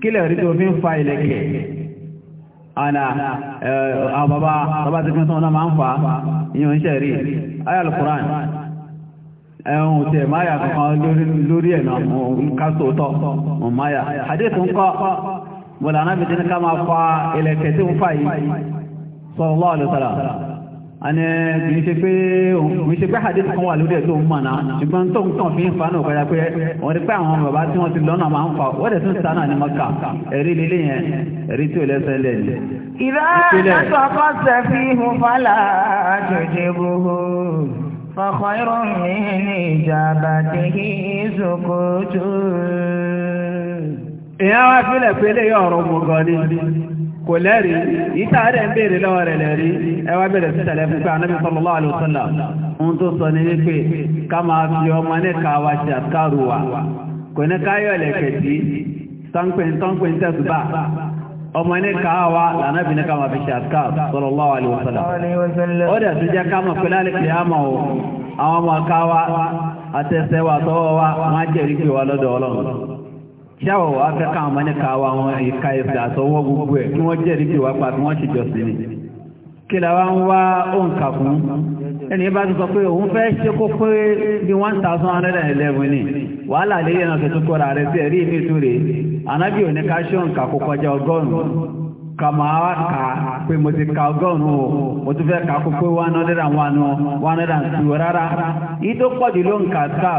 kílẹ̀ rí tó fi ń fa ìlẹ̀kẹ̀ àná àwọn bàbá bàbá ti pín sọ́wọ́n náà máa ń fa ìyàn ń ṣẹ̀rí ayàlù Qur'an ẹ̀hùn tẹ̀ máyà kankan lórí ẹ̀nà kásòótọ́ máyà hadith ń kọ́ bọ̀lá náà fi ti ní ká máa fa ìlẹ̀kẹ̀ tí ń fa yìí sallallahu alaihi wasallam àni kìí ṣe pé òun ṣe pé hadith kan wà lórí ẹ̀ tó ń mọ̀ náà ṣùgbọ́n tó ń tàn fi ń fa náà kọjá pé wọ́n rí pé àwọn bàbá tí wọ́n ti lọ́nà máa ń fa wọ́n dẹ̀ tún sá ní mọ́kà ẹ̀rí lílé yẹn ẹ̀rí tí ò lẹ́sẹ̀ lẹ̀ ní. ìrá àtọ́kọ́ sẹ́fì hùn kò lẹ́rí ìta rẹ̀ ń bèèrè lọ́wọ́ rẹ̀ lẹ́rí ẹwà bẹ̀rẹ̀ sí tẹ̀lẹ̀ fún pé anábì sallallahu alaihi wasallam ohun tó sọ ní wípé ká máa fi ọmọ ní káwa ṣe àkárù wa kò ní káyọ̀ lẹ́kẹ̀ẹ́sí tọ́npẹ̀ tẹ́sùbà ọmọ ní káwa lànàbì ní káwa fi ṣe àkárù sallallahu alaihi wasallam ṣáwọ̀ wá fẹ́ káwọn ọmọ níka wa wọn ìka ẹ̀sẹ̀ àtọwọ́ gbogbo ẹ̀ kí wọ́n jẹ́rìí pé wá pa kí wọ́n ṣe jọ́sìn ni kí la wá ń wá òun kà fún ẹni bá ti sọ pé òun fẹ́ ṣe kó pé bí one ni wàhálà lè yẹn náà fi tún kọ́ra rẹ̀ sí ẹ̀rí ìmìtú ka máa ka pé mo ti ka ọgọ́rùn o mo tún fẹ́ ka kó pé one hundred and one one hundred and two rárá yìí tó pọ̀ jù ló ń kà sáà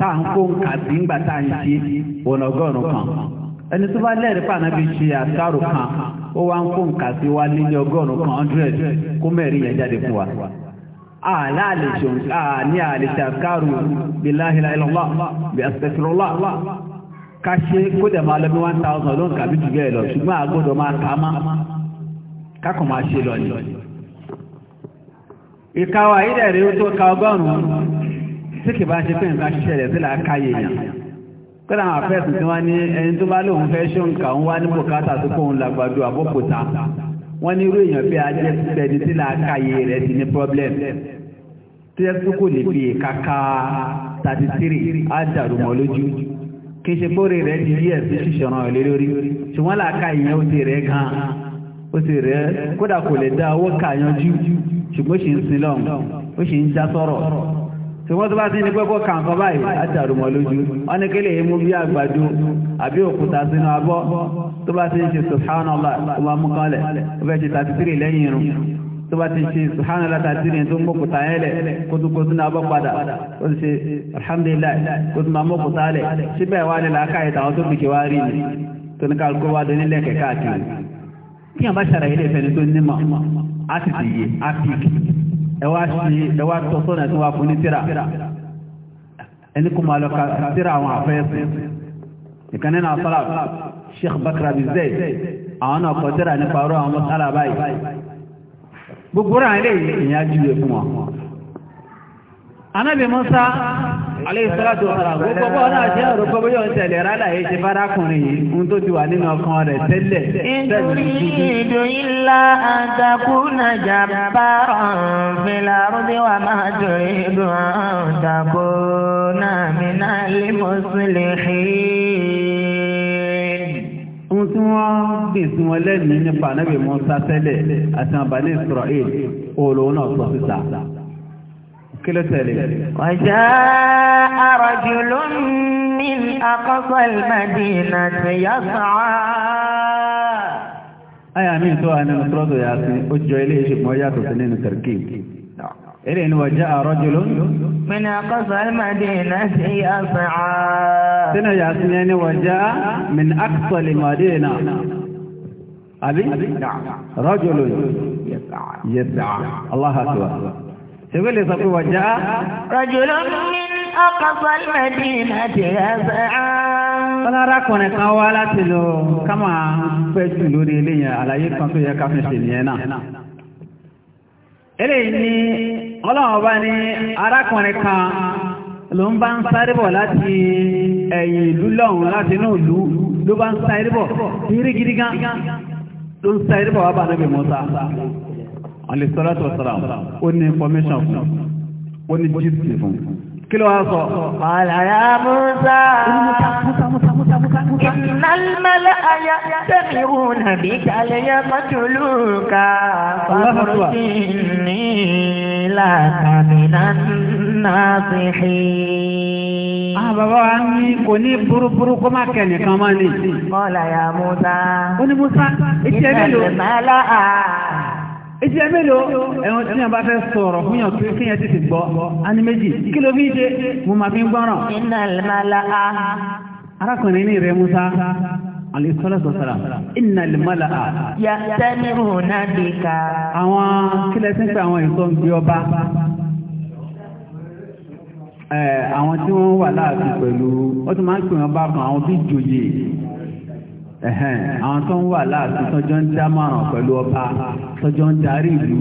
tá à ń kó ń kà sí ńgbà tá à ń ṣe ọ̀nà ọgọ́rùn-ún kan ẹni tó bá lẹ́rìí pàná bí ṣe àṣàrò kan ó wá ń kó nǹkan sí wa lé ní ọgọ́rùn kan hundred kó mẹ́rin yẹn jáde fún wa. àlá àlejò àní àlejò àṣàrò bí la ilaha illallah bí astaghfirullah ká ṣe kó dẹ̀ máa lọ bí one thousand ló ń kàbí jù bẹ́ẹ̀ lọ ṣùgbọ́n àgbọ̀dọ̀ máa ta má kákan máa ṣe lọ ni. ìkawà ìdẹ̀ rèé tó ka ọgọ́rùn-ún tí kì bá ṣe pé nǹkan ṣiṣẹ́ rẹ̀ sí là á káyè yàn. kódà àwọn afẹ́sùn tí wọ́n ní ẹni tó bá lóun fẹ́ ṣóǹkà ń wá ní bùkátà tó kóun làgbàdo àbókòtà wọ́n ní irú èèyàn bí ajẹ́ sẹ́ni tí là á káyè rẹ̀ ti ní problem tí ẹ tó kò lè fi kàkà 33 á dàrú mọ́ lójú kì í ṣe bóre rẹ̀ di yí ẹ̀sìn ṣíṣọ̀ràn ìlérí orí ṣùgbọ́n làákà ìyẹn ó ti rẹ̀ gan ó ti rẹ̀ kódà kò lè dá owó kà yanjú ṣùgbọ́n ṣì ń sin lọ́hùn ó ṣì ń já sọ̀rọ̀ ṣùgbọ́n tó bá ti ní pẹ́kọ́ kàǹkan báyìí láti àrùmọ̀ lójú wọ́n ní kéle èémú bí àgbàdo àbí òkúta sínú abọ́ tó bá ti ń ṣe subhanallah ó máa mú kanlẹ̀ ó fẹ́ ṣe 33 lẹ́yìn irun tó bá ti ṣe subhana la tàtírí tó mọ́kùtà ẹlẹ̀ kótókótó náà bọ́ padà ó ti ṣe alhamdulillah kótó máa mọ́kùtà ẹlẹ̀ síbẹ̀ wà ní làákàyè táwọn tó gbèjì wá rí ni tó ní kálukú wá dún nílẹ̀ kẹ̀kẹ́ àkìrì kí wọn bá ṣàlàyé lè fẹni tó nímọ̀ á sì ti yé á fi kì ẹ wá sí ẹ wá tọ́ sọ́nà tí wọ́n fún ní tíra ẹni kò máa lọ ka tíra àwọn afẹ́fẹ́ ìkànnì náà sọ́ra Sheikh Bakr Abi Zayd àwọn náà kọ́ tíra nípa ọ̀rọ̀ gbogbo rà ilé ìyìn ajúwe fún wọn anábì Musa aléìsọ́látò ọ̀rọ̀ gbogbo bọ́ náà jẹ́ ọ̀rọ̀ gbogbo yóò tẹ̀lẹ̀ rálà yìí ṣe fárákùnrin yìí ń tó ti wà nínú ọkàn rẹ̀ tẹ́lẹ̀ nítorí ìdò ilá àtàkùnà jàmbá ọ̀nfìlà rúdíwà máa torí ìdò àtàkùnà mìíràn ogun tí wọ́n gbìn sí wọn lẹ́nu nípa anábì Mùsá tẹ́lẹ̀ àti àbálẹ Israel òòlù náà sọ síta kílẹ̀ tẹ̀lé. ọjà àròjùlù mi àkọ́kọ́ ìmọ̀dínà ti yàtọ̀. àyà mi tó wà nínú tọ́lọ́tò yà ó jọ ilé ìṣègùn ọjà sí nínú tẹ̀rẹ̀kì eré ni wọ́n jẹ́ àrọ́jùlọ́. Mìnà àkọsọ̀ alìmọ̀dé náà sí àṣàá. Sínú yàtí ni ẹni wọ́n jẹ́ mìnà àkọsọ̀ alìmọ̀dé náà. Àbí? Rọ́jùlọ́ yẹ̀sàá. Allah akbar. Ṣèwé lè sọ pé wọ́n jẹ́ rọ́jùlọ́ mìnà àkọsọ̀ alìmọ̀dé náà sí àṣàá. Wọ́n lára kùnrin kan wá láti lọ ká máa pẹ́ jù lórí eléyìn àlàyé kan tó yẹ ká fi ṣe nìyẹn náà eléyìí ni ọlọ́run bá ní arákùnrin kan ló ń bá ń sáré bọ̀ láti ẹ̀yìn ìlú lọ́hùn láti inú ìlú ló bá ń sáré bọ̀ eré gidi gan ló ń sáré bọ̀ wá bá níbi mọ́ta alẹ́ sọ́lá tó sọ́lá ó ní information fún ó ní jíìsì fún kí ló wá sọ. ọ̀làyà musa. musa musa musa. إن الملأ يأتمرون بك ليقتلوك فارسلني لك من الناصحين. Ah bàbá wa ní kò ní burúburú kó má kẹ́ nìkan mọ́ ni. Mọ́lá ya Musa. Ó ní Musa, ìṣe mélòó? Ìṣe mélòó? Ìṣe mélòó? Ẹ̀wọ̀n tí yẹn bá fẹ́ sọ̀rọ̀ fún yàn tó kí yẹn ti ti gbọ́. A ní méjì, kí ló fi ń ṣe? Mo máa fi ń gbọ́ràn. Iná ìlú arákùnrin ní rẹ̀ Musa alìsọ́lọ́sọ̀sára iná lèmọ́lá à. ya tẹ́lẹ̀mù náà bí ká. àwọn kílẹ̀ sí pé àwọn ìsọ́ ń bí ọba àwọn tí wọ́n wà láàbí pẹ̀lú wọ́n tún máa ń pè wọ́n bá kan àwọn bí jòyè àwọn tó ń wà láàbí tọ́jọ́ ń dá márùn-ún pẹ̀lú ọba tọ́jọ́ ń darí ìlú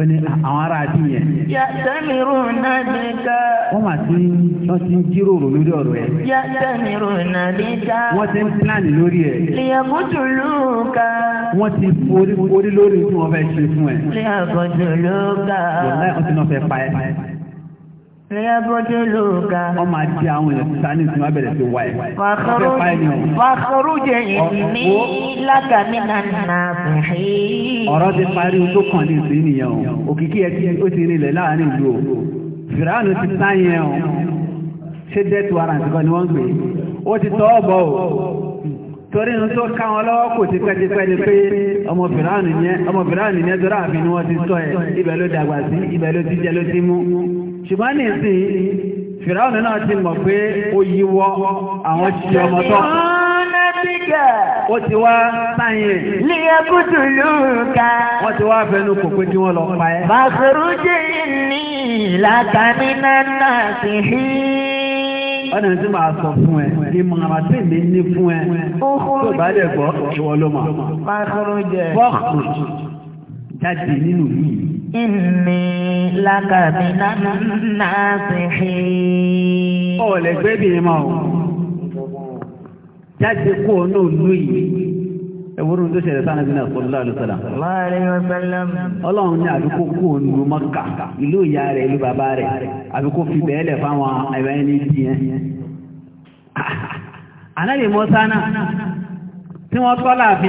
ó ní ah, àwọn ará àti yẹn. yàtẹ̀mìrú nàdíkà. wọ́n máa ti wọ́n ti ń jíròrò lórí ọ̀rọ̀ ẹ̀. yàtẹ̀mìrú nàdíkà. wọ́n ti ń pílánì lórí ẹ̀. lìyàkùtù lùkà. wọ́n ti forí forí lórí tí wọ́n fẹ́ ṣe fún ẹ̀. lìyàkùtù lùkà. wọ́n ti náà fẹ́ pa ẹ́. Lẹ́bọ́dọ́lóga. Wọ́n máa di àwọn èèyàn sani tí wọ́n bẹ̀rẹ̀ sí wá ẹ̀. Fàkọ́rú jẹ ìní lágàmí nànà fìhí. Ọ̀rọ̀ ti parí tó kàn ní ìsìn nìyẹn o. Òkìkí ẹ ti ó ti rinlẹ̀ láàárín ìlú o. Fìràánù ti sá yẹn o. Ṣé dẹ́tù ara nǹkan ni wọ́n gbé? Ó ti tọ́ ọ̀bọ̀ o. Torí ní tó ká wọn lọ́wọ́ kò ti pẹ́tipẹ́ ni pé ọmọ Fìràánù yẹn ọmọ Fìràánù yẹn dọ́rọ̀ ni wọ́n ti sọ ẹ̀. Ibẹ̀ ló dàgbà sí, ibẹ̀ ló ti jẹ ló ti mú ṣùgbọ́n ní ìsìn fìràwọn náà ti mọ̀ pé ó yíwọ́ àwọn tí ọmọ tọ́ ó ti wá sáyẹn líyẹkùtù lóòkà wọ́n ti wá fẹnu kò pé kí wọ́n lọ pa ẹ́. bàfẹ́rù jẹ́ ní ìlàkàmínà náà sì hí ọ̀nà tí màá sọ fún ẹ ní màmá tí mi ní fún ẹ tó bá dẹ̀ gbọ́ ìwọ ló mọ̀. bọ́ọ̀kù jáde nínú mi. Ìní lákàtí náà ti ṣe. Ọ̀lẹ̀ gbẹ́bìnrin máa wò. Jáde kú ọ̀nà yìí. tó ṣẹlẹ̀ sáà nàbí náà sallallahu alaihi wasallam. Ọlọ́run ní àdúgbò kú ònú Mọ́kà, ìlú ìyá rẹ̀, ìlú bàbá rẹ̀, fi fáwọn ẹ̀rọ ẹni tí wọ́n tọ́lá fi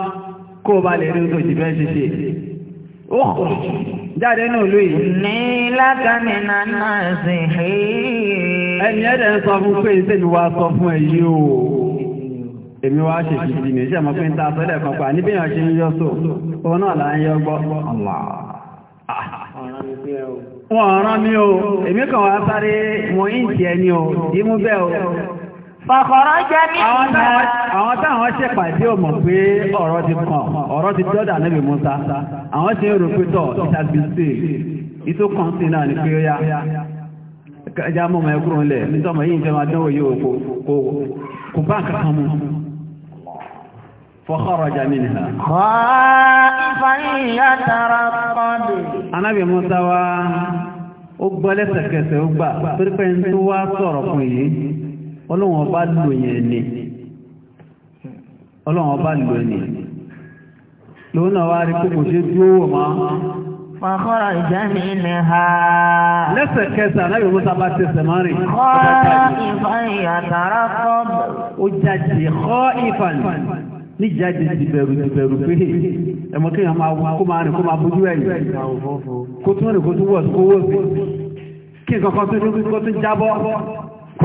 kó bá lè rí olóòtú fẹ́ ṣe ṣe ókò jáde ní olú yìí. ní látàmì nànà sí i. ẹni ẹ̀dẹ̀ ń sọ fún pé ìṣèlú wa sọ fún ẹ yìí o èmi wá ṣe kìkì ní iṣẹ́ mọ́ pé ń ta sọ́dẹ̀ kan pa níbi ìyàn ń yọ sọ òun náà là ń yọ gbọ́. wọ́n rán mi o èmi kàn wá sáré wọ́n ń jẹ ni o ìmú bẹ́ẹ̀ o. Àwọn táwọn ṣe pàdé ò mọ̀ pé ọ̀rọ̀ ti kàn, ọ̀rọ̀ ti dọ́dà níbi Musa. Àwọn ṣe ń rò pé tọ̀ ìtàgbìsè, ìtò kan sí náà ni pé ó yá. Ẹja mọ́ ọmọ ẹkùnrin lẹ̀, nítọ́mọ̀ yìí ń fẹ́ máa dánwò yóò kò bá nǹkan kan mú. فخرج منها خائفا يترقب Ànábì Musa wá ó gbọ́ lẹ́sẹ̀kẹsẹ̀ ó gbà torí ń tó wá sọ̀rọ̀ fún yìí ọlọ́wọ́n bá lò yẹn ni ọlọ́wọ́n bá lò ní lóun náà wá rí kókò tí ó dúró wọ̀ máa Fàkọ́rọ̀ ìjẹ́mi ni ha. Lẹ́sẹ̀kẹsẹ̀ náà yóò sábà tẹsẹ̀ máa rìn. Kọ́ ìfà ìyàtàrà tọ́bù. Ó jáde kọ́ ìfà ní jáde dìbẹ̀rù dìbẹ̀rù pé ẹ̀mọ́ kí èèyàn máa kó máa rìn kó máa bójú ẹ̀yìn. Kó tún rìn kó tún wọ̀ kó wọ̀ sí. Kí nǹkan kan tún jábọ́.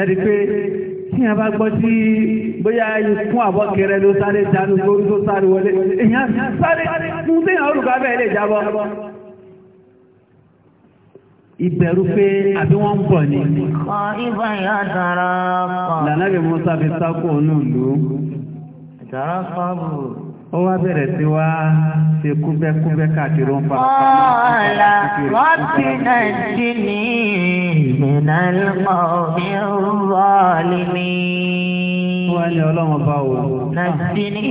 ẹ̀rí pé tí a bá gbọ́ sí bóyá ikú àbọ́kẹrẹ ló sáré dánú lórí tó sáré wọlé èyàn sáré mú sí àwọn olùkọ́ abẹ́ ilé ìjábọ̀ ìbẹ̀rù pé àbí wọ́n ń bọ̀ ni. ìbá ìyá dára pọ̀. lànà bí musa fi sákò nù lù. dára pọ̀ bù ó wá bẹ̀rẹ̀ sí wá ṣe kúbẹ́kúbẹ́ káàkiri ń fara pamọ́ àti rọ́bì náà sí ní ìgbìnà lọ́pọ̀ mi rọ́ lèmi. wọ́n ní ọlọ́run bá wò. nàìjí ní.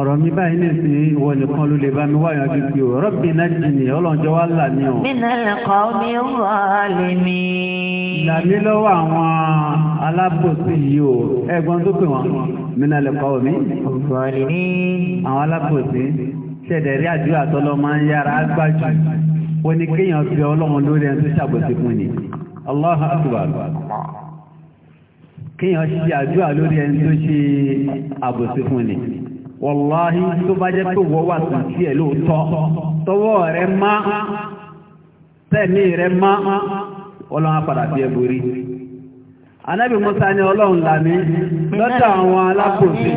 ọ̀rọ̀ mi báyìí ní sí ìwọ nìkan ló lè bá mi wá yanjú pé o rọ́bì náà jì ní ọlọ́njọ́ wá là ní o. ìgbìnà lọ́pọ̀ mi rọ́ lèmi. ìlàmí lọ́wọ́ àwọn alábòsí yìí o ẹ̀gbọ́n tó pè wọ́n mí mi àwọn alábòsí ṣẹ̀dẹ̀rí àdúrà tọ́lọ máa ń yára gbájú wọ́n ní kéèyàn fi ọlọ́run lórí ẹni tó ṣàbòsí fún ni Allahu tó bá jẹ́ pé wọ́n wà sí sí ẹ̀ lóòótọ́ tọwọ́ rẹ má tẹ̀mí rẹ má ọlọ́run padà fi ẹ borí Anábì Musa ni ọlọ́run là mí lọ́dọ̀ àwọn alábòsí.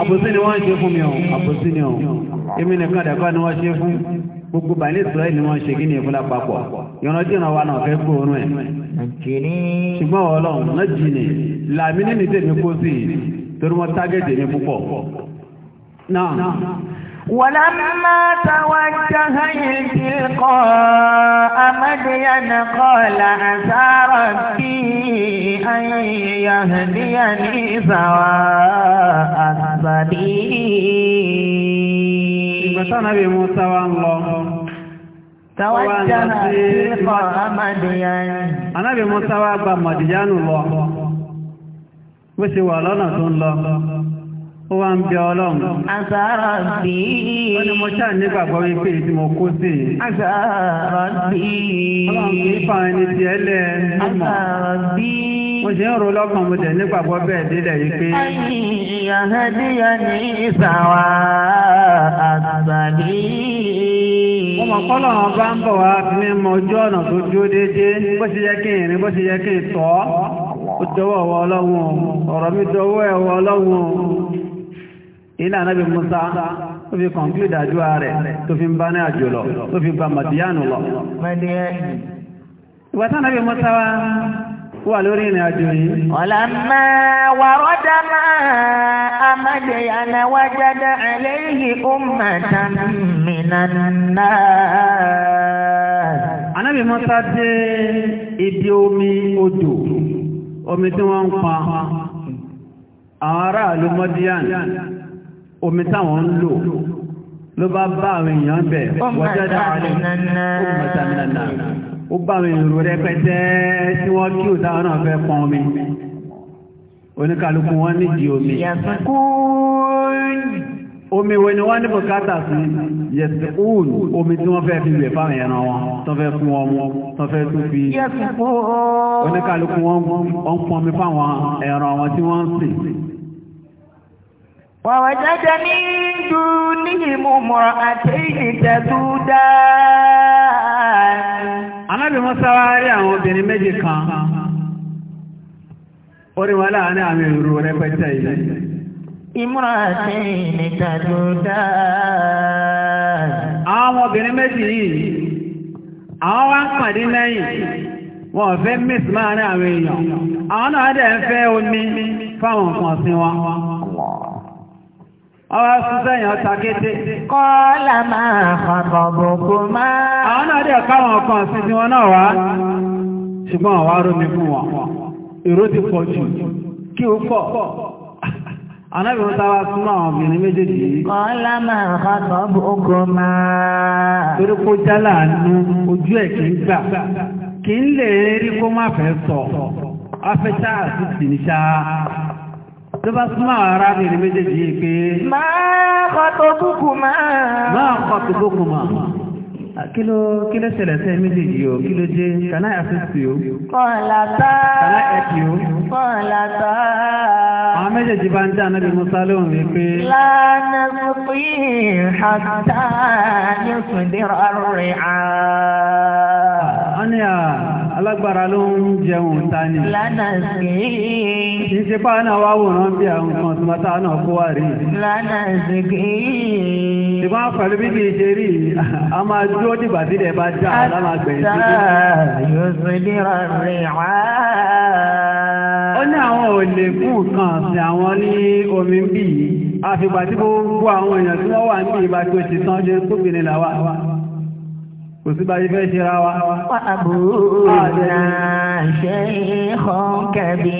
Àbòsí ni wọ́n ń ṣe fún mi ọ̀hún, àbòsí ni ọ̀hún. Èmi nìkan dẹ̀kọ́ ni wọ́n ṣe fún. Gbogbo bàní Ìsìláì ni wọ́n ṣe kí ni ìfún lápapọ̀. Ìrànjìnà wa náà fẹ́ gbóòórùn ẹ̀. Ṣùgbọ́n ọlọ́run náà jì ní làmí nínú ìtẹ̀mí ولما توجه تلقاء مدين قال عسى ربي أن يهديني سواء السبيل. نبي موسى توجه تلقاء مدين. نبي موسى وابا مدين الله. وسوى لنا تون الله ó wá ń bẹ ọlọ́run. àṣàrọ̀ bí. ó ní mo ṣáà nígbàgbọ́ wípé tí mo kó sí. àṣàrọ̀ bí. ọlọ́run kì í fa ẹni tí ẹ lẹ mímọ́. àṣàrọ̀ bí. mo ṣe ń ro lọ́kàn mo tẹ̀ nígbàgbọ́ bẹ́ẹ̀ délẹ̀ yìí pé. àyìnyàn díẹ̀ ní ìsàwà àgbàdì. mo mọ̀ kọ́lọ̀ wọn bá ń bọ̀ wá fi mí mọ ojú ọ̀nà tó dúró déédéé bó ṣe yẹ kí n rìn bó ṣe yẹ kí n tọ́ ó dọwọ́ ọwọ́ ọlọ́run ọ̀rọ̀ mi dọwọ́ ẹ̀wọ́ ọlọ́run iná anábì musa tó fi kọ̀ǹkúlì dájú ààrẹ tó fi ń bá ní àjò lọ tó fi gba màdíyànù lọ. ìgbà tí anábì musa wá wà lórí ìrìn àjò yìí. ọ̀làmà wàrọ́dà máa amadiyana wájádà àléyìí ummata minan nas. anábì musa dé ibi omi odò omi tí wọ́n ń pa àwọn aráàlú mọ́díyànù omi táwọn ń lò ló bá bá àwọn èèyàn bẹ̀ wọ́jọ́dá àlẹ́ ọmọdánilánà ó bá wọ́n kí òtáwọn omi oníkàlùkù wọn nídi omi omi wo ni wọ́n ní bùkátà sí yẹ̀sùkúùn omi tí wọ́n fẹ́ fi wẹ̀ fáwọn ẹran wọn tó fẹ́ fún wọn mú tó fẹ́ tún fi oníkàlùkù wọn pọn omi fáwọn ẹran wọn tí wọ́n ń ووجد من دونهم امرأتين تذودان Ànábì Mùsá wá rí àwọn obìnrin méjì kan, orí wọn láàárín àmì ìrù rẹpẹtẹ yìí. Imra'atayni tadudan. Àwọn ọmọbìnrin méjì yìí, àwọn wá ń pàdé lẹ́yìn, wọ́n fẹ́ mìs láàárín àwọn èèyàn. Àwọn náà dẹ̀ ń fẹ́ omi fáwọn kan sí wọn. Àwọn aṣíṣẹ́yàn takété. Kọ́lá máa fàbọ̀bọ̀kú máa. Àwọn náà dẹ̀ káwọn kan sí ti wọn náà wá, ṣùgbọ́n àwá rómi fún wọn. Èrò ti pọ̀ jù kí ó pọ̀. Ànábì wọn táwa súnmọ́ àwọn obìnrin méjèèjì yìí. Kọ́lá máa fàbọ̀bọ̀kú máa. Torí kó jálà nú ojú ẹ̀ kì í gbà. Kì í lè rí kó má fẹ́ sọ. Afẹ́ṣáà sì sì ní ṣáá tó bá súnmọ́ àwọn arábìnrin méjèèjì yìí pé. máa kọ́tò kúkú máa. máa kọ́tò kúkú ṣẹlẹ̀ sẹ́ méjèèjì o kí jẹ́ can I assist you. kọ́ńlá tá. can àwọn méjèèjì bá ń dá anábì musa lóhùn wípé. lánà fúnfún ìhàtà yóò alágbára ló ń jẹun ta ni. lánàá sí i. kì í ṣe pa náà wá wòran bí àwọn nǹkan tó máa táwọn náà kó wà rí. lánàá sí i. ṣùgbọ́n pẹ̀lú bí kì í ṣe rí a máa dúró dìgbà tí ilẹ̀ bá dá a lámà gbẹ̀yìn sí i. àtà yóò ṣe ní rẹ̀ wá. ó ní àwọn ò lè nǹkan sí àwọn ní omi bíi àfìgbà tí gbogbo àwọn èèyàn tí wọ́n wà ń bí kò sí báyìí fẹ́ ṣe ra wa. àbúrò ṣe ìhàn kẹbí.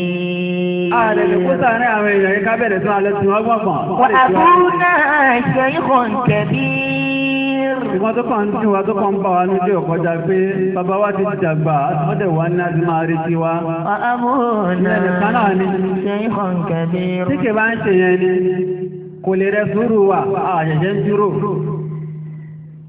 ààrẹ lè kó sàárín àwọn èèyàn yìí ká bẹ̀rẹ̀ sí alẹ́ tí wọ́n gbọ̀n kan. àbúrò ṣe ìhàn kẹbí. Ìwọ́n tó kàn ń dùn wa tó kàn ń bà wá nílé ọ̀kọjá pé bàbá wa ti dàgbà wọ́n dẹ̀ wá ní àti máa retí wa. Àmúhùnà ṣe ìhàn kẹbí. Tí kì bá ń ṣe yẹn ni kò lè rẹ sùúrù wa, àyẹ̀yẹ́ ń dúró.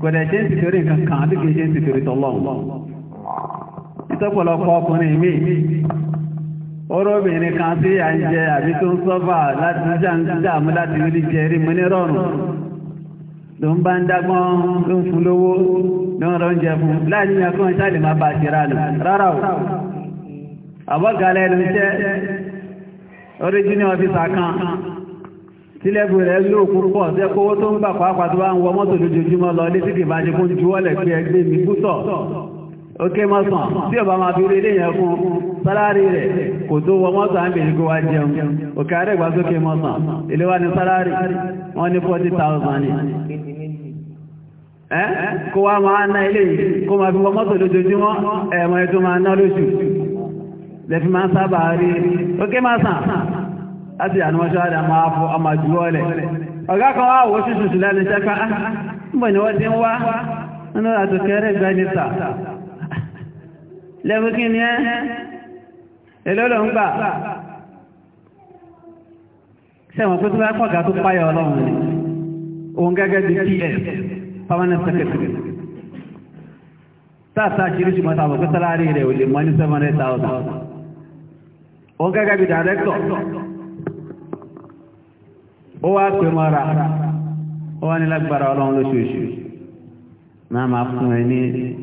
kọ̀dẹ̀ ṣe nǹkan kan àbí kìí ṣe ń tìtorí tọ́lọ́run ìtọ́pọ̀lọpọ̀ ọkùnrin mi kan tí a ń jẹ àbí tó ń sọ́fà láti dààmú láti rí jẹ rí mu ní rọrùn ló ń bá ń dágbọ́n ló ń fún lówó ló ń rọ oúnjẹ fún a rárá o àbọ̀gálẹ̀ ló ń kan tílẹ́bù rẹ̀ ló púpọ̀ tẹ́ kówó tó ń bà pàápàá tó bá ń wọ mọ́tò lójoojúmọ́ lọ lé títì máa ṣe fún juwọ́lẹ̀ pé ẹgbẹ́ mi gúsọ̀ ókè mọ́sàn tí ọba máa fi rí léyìn ẹkùn sálárì rẹ̀ kò tó wọ mọ́tò àmìlì kó wá jẹun òkè àrẹ́gbàsókè mọ́sàn ilé wa ní sálárì wọ́n ní 40,000 ni kó wá máa ná ilé yìí kó máa fi wọ mọ́tò lójoojúmọ́ ẹ̀mọ́ ètò máa ná lóṣù lẹ́fi máa sábà rí ókè mọ́sàn láti àná mọ́ṣọ́lá máa fọ́ ọmọ jùlọ́lẹ̀ ọ̀gá kan wá wọ́ ṣùṣùṣù lẹ́nu ṣẹ́fà mbọ̀ ni wọ́n ti ń wá nínú àtòkẹ́rẹ́ gbẹ́nìta lẹ́bù kí ni ẹ́ ẹlọ́lọ́ ń gbà sẹ́wọ̀n pé tó bá pọ̀gá tó páyọ̀ ọlọ́run ni òun gẹ́gẹ́ bí ps permanent secretary táàtà òun gẹ́gẹ́ bí director ó wá pè mọ́ra ó wá ní lágbára ọlọ́run lóṣooṣù náà máa fún ẹ ní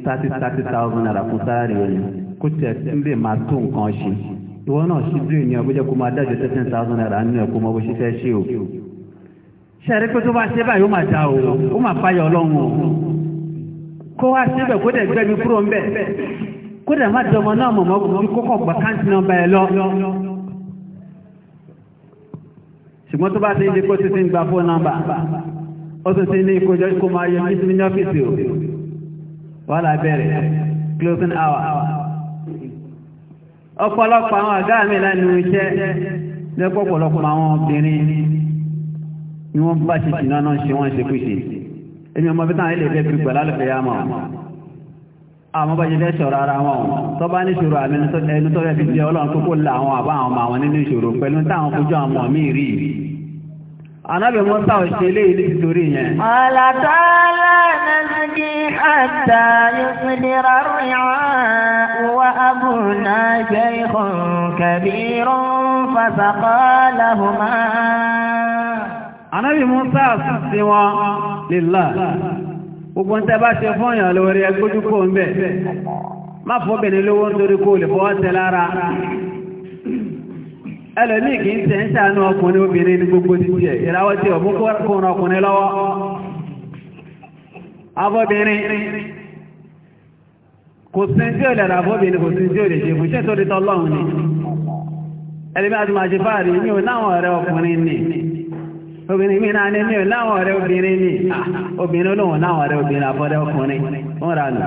thirty thirty thousand naira fún sáárì ẹni kó tẹ̀ ń lè máa tó nǹkan ṣe ìwọ náà ṣí dúró ní ọgbẹ́jọ́ kó máa thousand naira nínú ẹ̀kọ́ ọmọ bó ṣe fẹ́ ṣe o ṣẹ́rí pé tó bá ṣe báyìí ó máa dá o ó máa fàyà ọlọ́run o kó wá síbẹ̀ kó dẹ̀ gbẹ́mi kúrò ń bẹ̀ ṣùgbọ́n tó bá ti ń di kó títí ń gba fóònù nọ́mbà ó tún ti ní ìkójọ kó máa yọ ní ní ọ́fíìsì o wàhálà bẹ̀rẹ̀ closing hour ọ̀pọ̀lọpọ̀ àwọn ọ̀gá mi lẹ́nu iṣẹ́ lẹ́pọ̀pọ̀lọpọ̀ àwọn obìnrin ni wọ́n bá ṣe ṣìnà náà ṣe wọ́n ṣe kúṣe èmi ọmọ bíi táwọn ilé ìfẹ́ fi gbọ̀lá lọ́fẹ̀ẹ́ yá mọ́ àmọ́ bá ṣe fẹ́ ṣọ̀rọ̀ ara wọn tó bá níṣòro àmì ẹnu tó fẹ́ fi jẹ́ ọlọ́run kókó la àwọn àbá àwọn ọmọ àwọn nínú ìṣòro pẹ̀lú táwọn kojú àwọn ọmọ mi rí rí Ànábì Mùsá ò ṣe ilé ilé ìtorí yẹn. Ọ̀làtàlá nàìjí àtà yóò wa abúna jẹ́ ìhùn kẹbìrún fàṣàkọ́ lahùmá. Ànábì Mùsá sí wọn lílá. Gbogbo tẹ bá ṣe fún ìyàn lórí ẹgbójúkó ń bẹ̀. Má fọ́bìnrin lówó ń torí kó lè fọwọ́ tẹ lára ẹlòmí kì í tẹ̀ ń ṣàánú ọkùnrin obìnrin ní gbogbo ti jẹ́ ìrawọ́ tí ọmú kọ́rọ̀kùnrin ọkùnrin lọ́wọ́ abọ́bìnrin kò sí tí ó lè ra abọ́bìnrin kò sí tí ó lè ṣe fún ṣẹ́ tó lè tọ́lọ́hun ni ẹlẹ́bí àti màá ṣe fáàrí mi ò láwọn ọ̀rẹ́ ọkùnrin ni obìnrin mi náà ní mi ò láwọn ọ̀rẹ́ obìnrin ni ah, obìnrin olóhùn láwọn ọ̀rẹ́ obìnrin àbọ̀rẹ́ ọkùnrin ó rà nù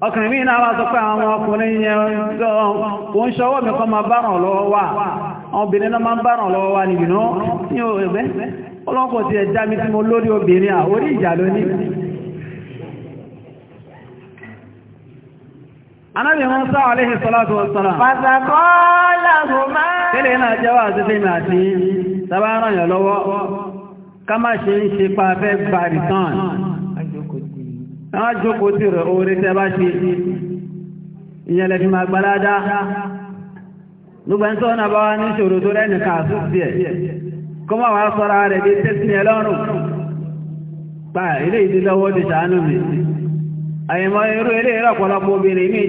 ọkùnrin mí náà wá sọ pé àwọn ọkùnrin yẹn kò ń ṣọwọ́ mi kọ́ ma báràn lọ́wọ́ wà àwọn obìnrin náà ma báràn lọ́wọ́ wà nìbìnà ní ẹgbẹ́ ọlọ́pọ̀ ti ẹ̀dá mi tí mo lórí obìnrin à ìjà lóní Anábì salatu wassalam. Fàtàkọ́ làhùmá. Tẹ́lẹ̀ náà jẹ́wà àti fèmì àti tàbáràn yọ lọ́wọ́. ṣe ń ṣe pa fẹ́ gbàrìtàn. wọ́n jókòó sí rẹ̀ oore tẹ́ bá ṣe ìyẹn lẹ́fi máa gbalada gbogbo ẹni tó bá wá ní ìṣòro tó rẹ̀ nìkan àtúntì ẹ̀ sọ́ra rẹ̀ pa ilé ìdílọ́wọ́ ti ṣàánú mi àyẹ̀mọ́ irú ilé ìrọ̀pọ̀lọpọ̀ obìnrin ní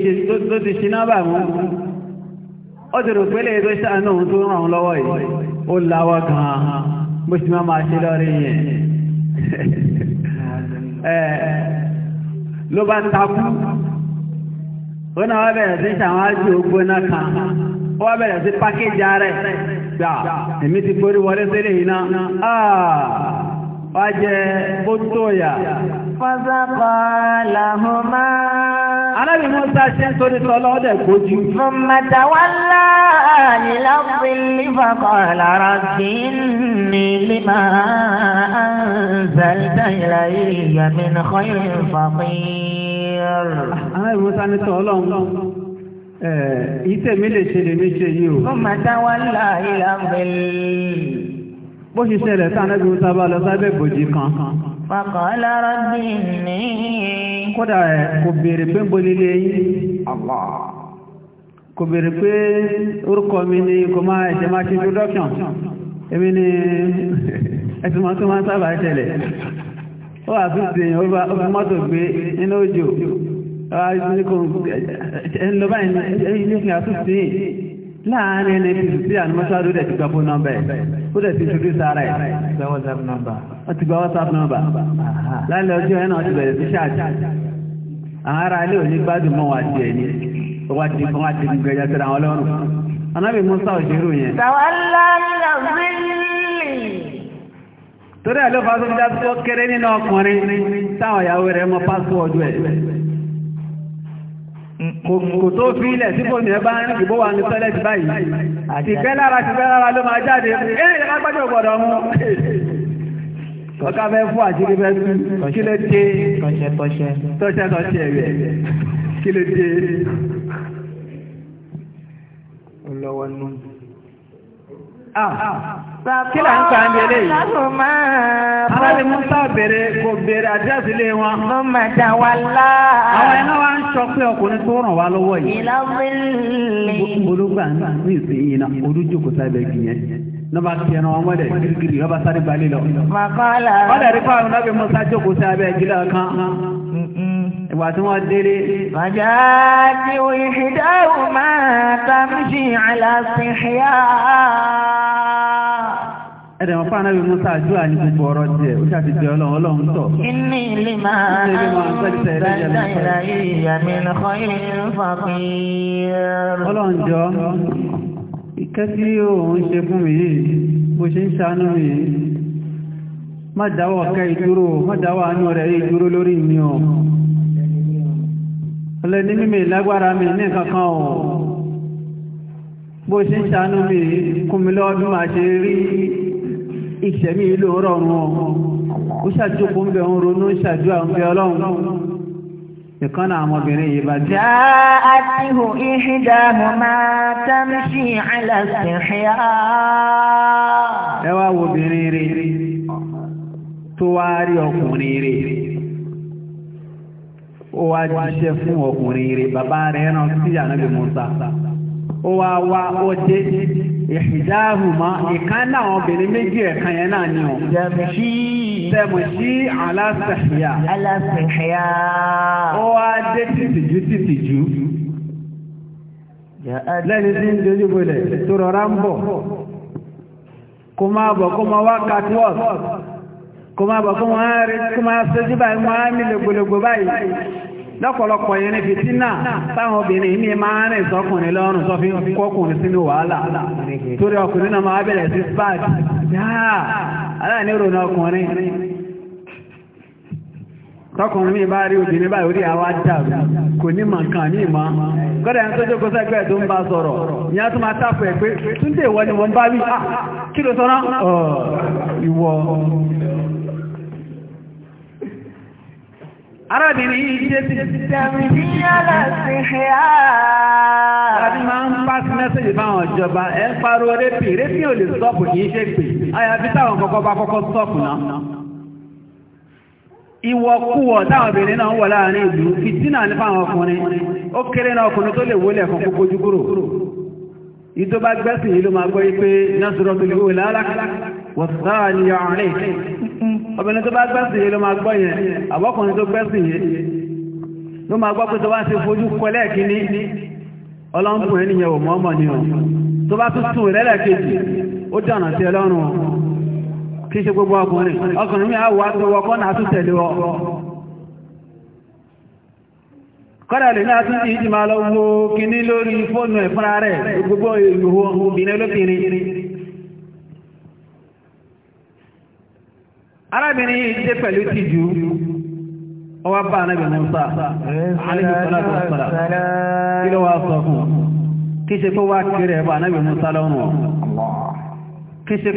ti ló bá takú ó náà wá bẹ̀rẹ̀ sí ṣàwọn ájú ògbóná kan ó wá bẹ̀rẹ̀ sí pákéjì ààrẹ gbà èmi ti forí wọlé sílé iná wá jẹ ó tóyà fọ́sọ́kọ́ làhùnmá alábì musa ṣe ń torí sọ lọ́dẹ̀ gbójú. mọ̀mọ́tàwálá nílọ́pìn lífọ̀kọ̀ lọ́rọ̀ sí ní límàá. إلي من خير فقير أنا المساني تولون ìtẹ̀ mi lè ṣe lè mi ṣe yìí o. ó máa dá wá ńlá ìlà bẹ̀lẹ̀. bó ṣe ṣẹlẹ̀ sànẹ́bí musa bá lọ sábẹ́ bòjì kan. fakọ̀ lọ́rọ̀ bí mi. kódà kò béèrè pé bolile yín. kò béèrè pé orúkọ mi ni kò máa ẹ̀jẹ̀ máa ṣe introduction. èmi ni ẹ̀sùn máa tún sábà ṣẹlẹ̀ ó wà fún ìsìn ó fi mọ́tò gbé inú òjò ẹnlọ́bá ilé fi àtúnṣe láàárín ẹni tí sí ànúmọ́ṣáàdó dẹ̀ ti gbà fún nọ́mbà ẹ̀ ó dẹ̀ ti ṣojú sára ẹ̀ ó ti gba WhatsApp nọ́mbà lálẹ́ ọjọ́ ẹ̀ náà ti bẹ̀rẹ̀ sí ṣáàjì àwọn ará ilé òní gbádùn mọ́ wa ti ẹ̀ ní ọwọ́ ti kan wá ti gbẹ̀jẹ̀ síra wọn lọ́rùn anábì Musa òṣèrú yẹn. tàwọn aláàbí torí àlọ́ fásitì bí dásí ó kéré nínú ọkùnrin táwọn ìyàwó rẹ̀ mọ pásíwọ́dù ẹ̀ kò tó fi ilẹ̀ tí kò ní ẹ bá ń rìn bó wà ní tọ́lẹ̀ ti báyìí àti ìfẹ́ lára ti fẹ́ lára ló máa jáde ẹ̀ ẹ̀ lágbájọ́ gbọ́dọ̀ mú ọ̀ká fẹ́ fún àti ìfẹ́ kí ló dé tọ́ṣẹ́ tọ́ṣẹ́ rẹ̀ Ah. Kí là ń kàn jẹ́ léyìí? Alábi Musa bèrè kò bèrè àdírẹ́sì wọn. Àwọn iná wa ń sọ pé ọkùnrin tó ràn wá lọ́wọ́ yìí. Ìlọ́bìnrin. ń bí ìsìn yìí náà, olújókòó sábẹ́ gbìyẹn nọba tiẹnẹ wọn mọdẹ girigiri ọba sáré balẹ̀ lọ. Màkàlà. Wọ́n fáwọn náà bí Musa jókòó sábẹ́ gíga kan ìgbà tí wọ́n délé. Màjá tí ó ìṣìdáhùn máa tàbí àlàáfíà. Ẹ̀dẹ̀ wọn fáwọn ẹ̀rọ Musa àdúrà ní gbogbo ọ̀rọ̀ jẹ́, ó ṣàti jẹ́ ọlọ́run ọlọ́run tọ̀. Inú ilé máa ń bá ìdáyìlá ìyàmí ìrìn fàfihàn. Ọlọ́run jọ, ìkẹ́ tí ọlẹ́ ní mímẹ̀ lágbára mi ní kankan ọ̀ bó ṣe ń ṣàánú mi kúnmílọ́ọ̀dún máa ṣe rí ìṣẹ̀mí ìlú rọrùn ó ṣàjókòó ń bẹ̀ ń ronú ṣàdúrà ń bẹ ọlọ́run ìkànnà àwọn obìnrin yìí bá jẹ́. ja'atuhu ihdahuma tamshi ala sihra. ẹ wá wo obìnrin rere tó wá rí ọkùnrin rere ó wá jíṣẹ́ fún ọkùnrin rẹ̀ bàbá rẹ̀ ẹran sí ànábì Mùsá ó wá wá ó dé ìhìjáhùmá ìkan náà obìnrin méjì ẹ̀kan yẹn náà ni ọ̀ tẹ̀mù sí aláṣẹ̀hìyà ó wá dé tìtìjú tìtìjú lẹ́ni tí ń dojú bolẹ̀ tó rọra ń bọ̀ kó máa bọ̀ kó máa wá catwalk kó máa bọ̀ fún wọn rí kó máa sojú báyìí wọn á nílò gbogbo báyìí lọ́pọ̀lọpọ̀ yẹn ní fìtínà táwọn obìnrin mi máa rìn sọkùnrin lọ́rùn sọ fi ń kọkùnrin sínú wàhálà torí ọkùnrin náà máa bẹ̀rẹ̀ sí spad yáà aláìní rònà ọkùnrin tọkùnrin mi bá rí obìnrin báyìí orí àwa dàrú kò ní mọ̀ nǹkan ní ìmọ̀ gọ́dà ń tójú kọsẹ́ pẹ́ tó ń bá sọ̀rọ̀ ní a tún máa tàpọ̀ ẹ̀ pé túndé ìwọ ni wọ́n bá wí ah, kí ló sọ náà arábìnrin yìí ṣe ti tẹ̀mí ní aláṣẹ ẹ̀yà. Àbí máa ń pass message fáwọn ìjọba ẹ̀ ń pariwo rẹ́pì rẹ́pì ò lè sọ́ọ̀pù kì í ṣe pè àyàfi táwọn kọ́kọ́ bá kọ́kọ́ sọ́ọ̀pù náà. Ìwọ̀kuwọ̀ táwọn obìnrin náà ń wọ̀ láàrin ìlú fìtínà ní fáwọn ọkùnrin ó kéré náà ọkùnrin tó lè wọlé ẹ̀kan kókó ojú kúrò. Ìjọba yìí ló máa gbọ́ obìnrin tó bá gbẹ́sì yìí ló máa gbọ́ yẹn àbọ́kùnrin tó gbẹ́sì yìí ló máa gbọ́ pé tó bá ṣe fojú kọ lẹ́ẹ̀kíní ọlọ́nkùn ẹni yẹn mọ́mọ́ ni tó bá tún ó dànà sí kí ṣe gbogbo ọkùnrin ọkùnrin mi àwọ̀ kọ́ náà tún tẹ̀lé ọ kọ́dà lè lórí fóònù rẹ̀ gbogbo ìlú obìnrin arábìnrin yìí dé pẹ̀lú tìjú ọwá bá anábì Musa alẹ́gbẹ̀sọ́lá kí ló wá sọ fún kí ṣe pé wá kéré ẹ̀bà anábì Musa lọ́rùn kí ṣe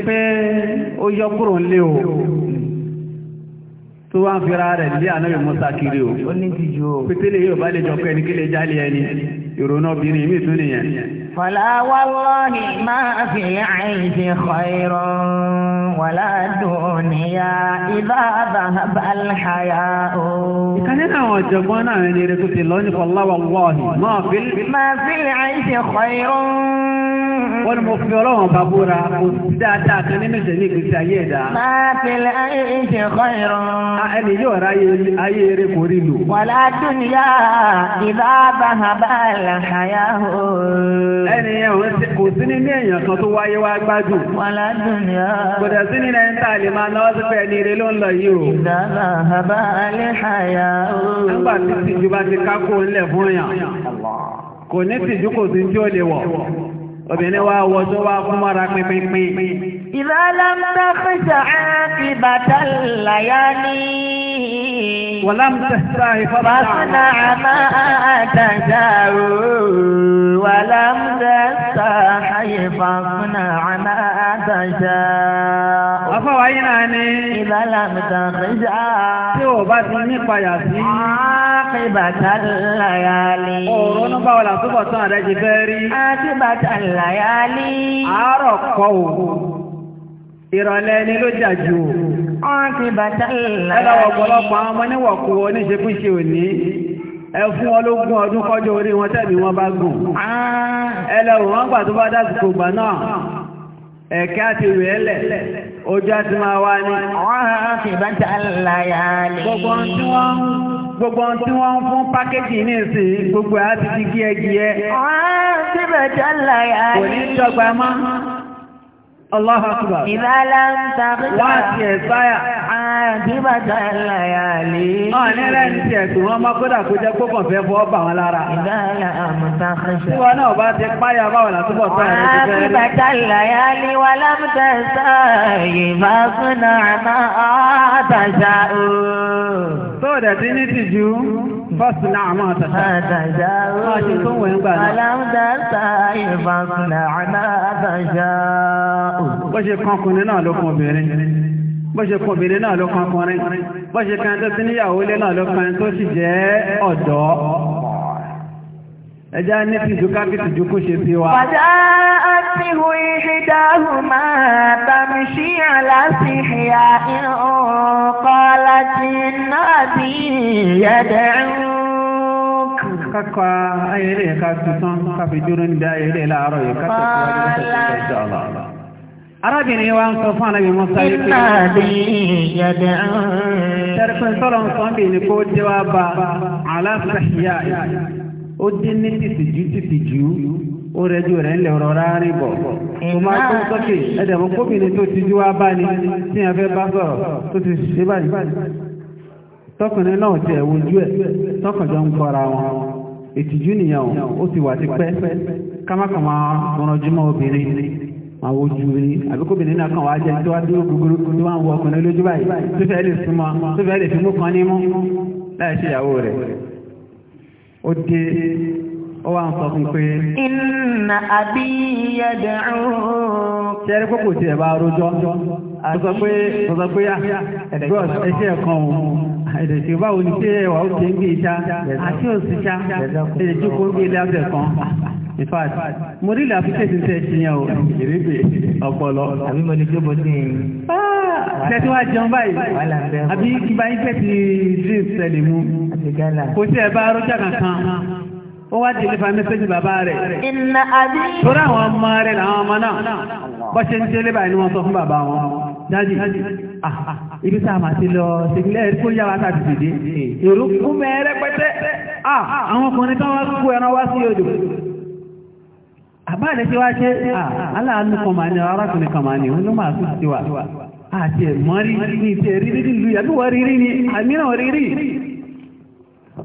tó wá ń fira rẹ̀ lé anábì Musa kiri o pétélé yóò bá lè jọ pé ẹni kí lè jálé ẹni ìrònú obìnrin mi tún nìyẹn. Fọlá wàlọ́hì máa fi àìsí xọ́ìrọ̀ wàlá dùnìyà ìbá bàbá àlàyà o. Ìkànnì náà wọ́n jọ̀gbọ́n náà ní eré tó ti lọ́ọ́ ní fọlá máa fi. Máa fi àìsí xọ́ìrọ̀ wọ́n ni mo fi ọlọ́wọ̀n bá búra kò dáadáa kan nínú ìṣẹ̀lẹ̀ ìgbésí ayé ẹ̀dá. máa tẹ̀lé ayé ìṣe kọ́ ìrún. ẹni yóò ra ayé eré kò rí lò. wàlá dúnìyà ìbá bàbá àlàkàyà o. ẹni kò sí nínú èèyàn kan tó wáyé wá gbádùn. wàlá dúnìyà. kò dẹ̀ sí ní obìnrin wa wọ́ṣọ́ wa fún mọ́ra pínpínpín إذا لم تخش عاقبة الليالي ولم تستعف فاصنع ما تشاء ولم تستحي فاصنع ما تشاء أفوينا إذا لم تخش عاقبة الليالي أورونا باولا سبطان رجفاري عاقبة الليالي أرقوا ìrọ̀lẹ́ ni ló jàjù wọ́n ti bàtà ìlà ẹlọ́wọ̀ ọ̀pọ̀lọpọ̀ àwọn ọmọ níwọ̀kú oníṣekúṣe òní ẹ fún ọlógún ọdún kọjọ orí wọn tẹ́lẹ̀ wọn bá gùn ah. ẹlọ́wọ̀ wọn gbà tó bá dásìkò gbà náà ẹ̀kẹ́ gbogbo tí wọ́n fún pákéjì ní ìsìn gbogbo àti ti gí ẹgì ẹ. wọ́n ti bàtà ìlà yàlẹ́ kò ní dọ́gba mọ́. الله أكبر إذا لم تغدر واتي الصايا عاجبة الليالي آه نرى انتيت وما قد أكد أكوكم في فوبا ولا رأى إذا لم تخشى وانا وباتي قايا باولا تبو صايا عاجبة الليالي ولم تستاي فاصنع ما تشاء سودة تنتجو فاصنع ما تشاء ما تشاء ولم تستاي فاصنع ما تشاء bó ṣe kan ọkùnrin náà ló kan obìnrin bó ṣe kan obìnrin náà ló kan ọkùnrin bó ṣe kan tó sí níyàwó náà ló tó sì jẹ́ ọ̀dọ́ ẹjá ní tìjú káàkiri tìjú kó ṣe sí wa. wàdá àtìhù ìṣẹ́dáhù máa tàbí sí àlàáfíà ìrọ̀kọ́ láti náà bí yẹ̀dẹ̀rún kakwa ayẹyẹ ka tuntun kafe juru ni ayẹyẹ laarọ ye kafe kuwa ni ka se ka se arábìnrin wa ń sọ fún ànábì Mùsá yìí pé tẹ́rẹ́fẹ́ sọ́rọ̀ ń sọ bí ní kó jẹ́ wá bá aláṣàhíyà ó dín ní tìtìjú tìtìjú ó rẹjú rẹ̀ ń lè rọra rìn bọ̀ tó máa tó sókè ẹ̀dẹ̀mọ́ gómìnà tó ti jú wá bá ní tí a fẹ́ bá sọ̀rọ̀ tó ti ṣe báyìí tọkùnrin náà ti ẹ̀wọ̀n ojú ẹ̀ tọkànjọ́ ń kọra wọn ìtìjú nìyẹn ó ti wà tipẹ́ kámákàmá rọjúmọ́ obìnrin máa wojú rí àbí náà kàn wá jẹ tó wá dúró gbogbo tó wá ń wọ ọkùnrin lójú báyìí tó fẹ́ lè súnmọ́ tó fẹ́ lè fi kan ní láì ṣe ìyàwó rẹ̀ ó dé ó wá ń sọ fún pé. inna abi yad'u. sẹ́rí kókò tí ẹ̀ bá rojọ́ sọ pé sọ pé ah, bros ẹṣẹ́ kan o èdè tí báwo ni ṣé ẹwà ó ti ń gbé iṣá àti òṣìṣá èdè tí kò ń gbé ilé abẹ kan in fact mo rí ilẹ̀ àfikẹ́ ti tẹ́ ṣe yẹn o ìrèbè ọpọlọ àbí mo lè jóbo sí i. tẹ́tí wá jẹun báyìí àbí kíba yín tẹ́tí drinks tẹ̀lé mu kò sí ẹ̀ bá rọ́jà kankan ó wá délé fa mẹ́sẹ́jì bàbá rẹ̀ torí àwọn ọmọ rẹ̀ làwọn ọmọ náà bọ́ṣẹ́ ń délé báyìí ni wọ́n sọ fún bàbá wọn dájú ah, ah, ibi tá a máa ti lọ ṣègbìlẹ̀ ẹ̀rí kó yá wa tàbí dìde èrò kú mẹ́rẹ́ ah, àwọn ọkùnrin kan kú ẹran wá sí odò àbáàlẹ́ tí wá ṣe aláàánú kan máa ní arákùnrin kan máa ní òun ló máa tún ti wà àti ẹ̀mọ́rí ní ti ẹ̀rí rí nílùú yàbí wọ́n rí rí ní àmíràn rí rí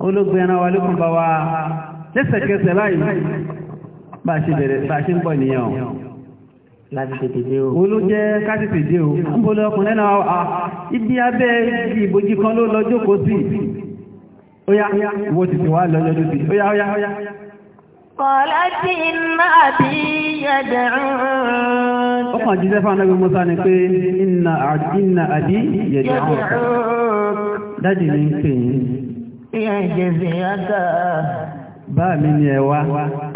ológun ẹran wa lókun bá wa lẹ́sẹ̀kẹsẹ̀ báyìí bá ṣe bẹ̀rẹ̀ bá ṣe ń bọ̀ o láti tètè dé o olú jẹ́ ká o ń bolo ọkùnrin a ibi abẹ́ ìbòjì kan ló lọ jókòó sí ó yá wo tètè wá lọ lọ́jọ́ قالت إن أبي يدعوك ọkàn jíṣẹ́ fún anábì Musa ni pé inna inna abi yad'uka dájì ní pè yín. ìyẹn jẹ́ Báà mi ni ẹ wá.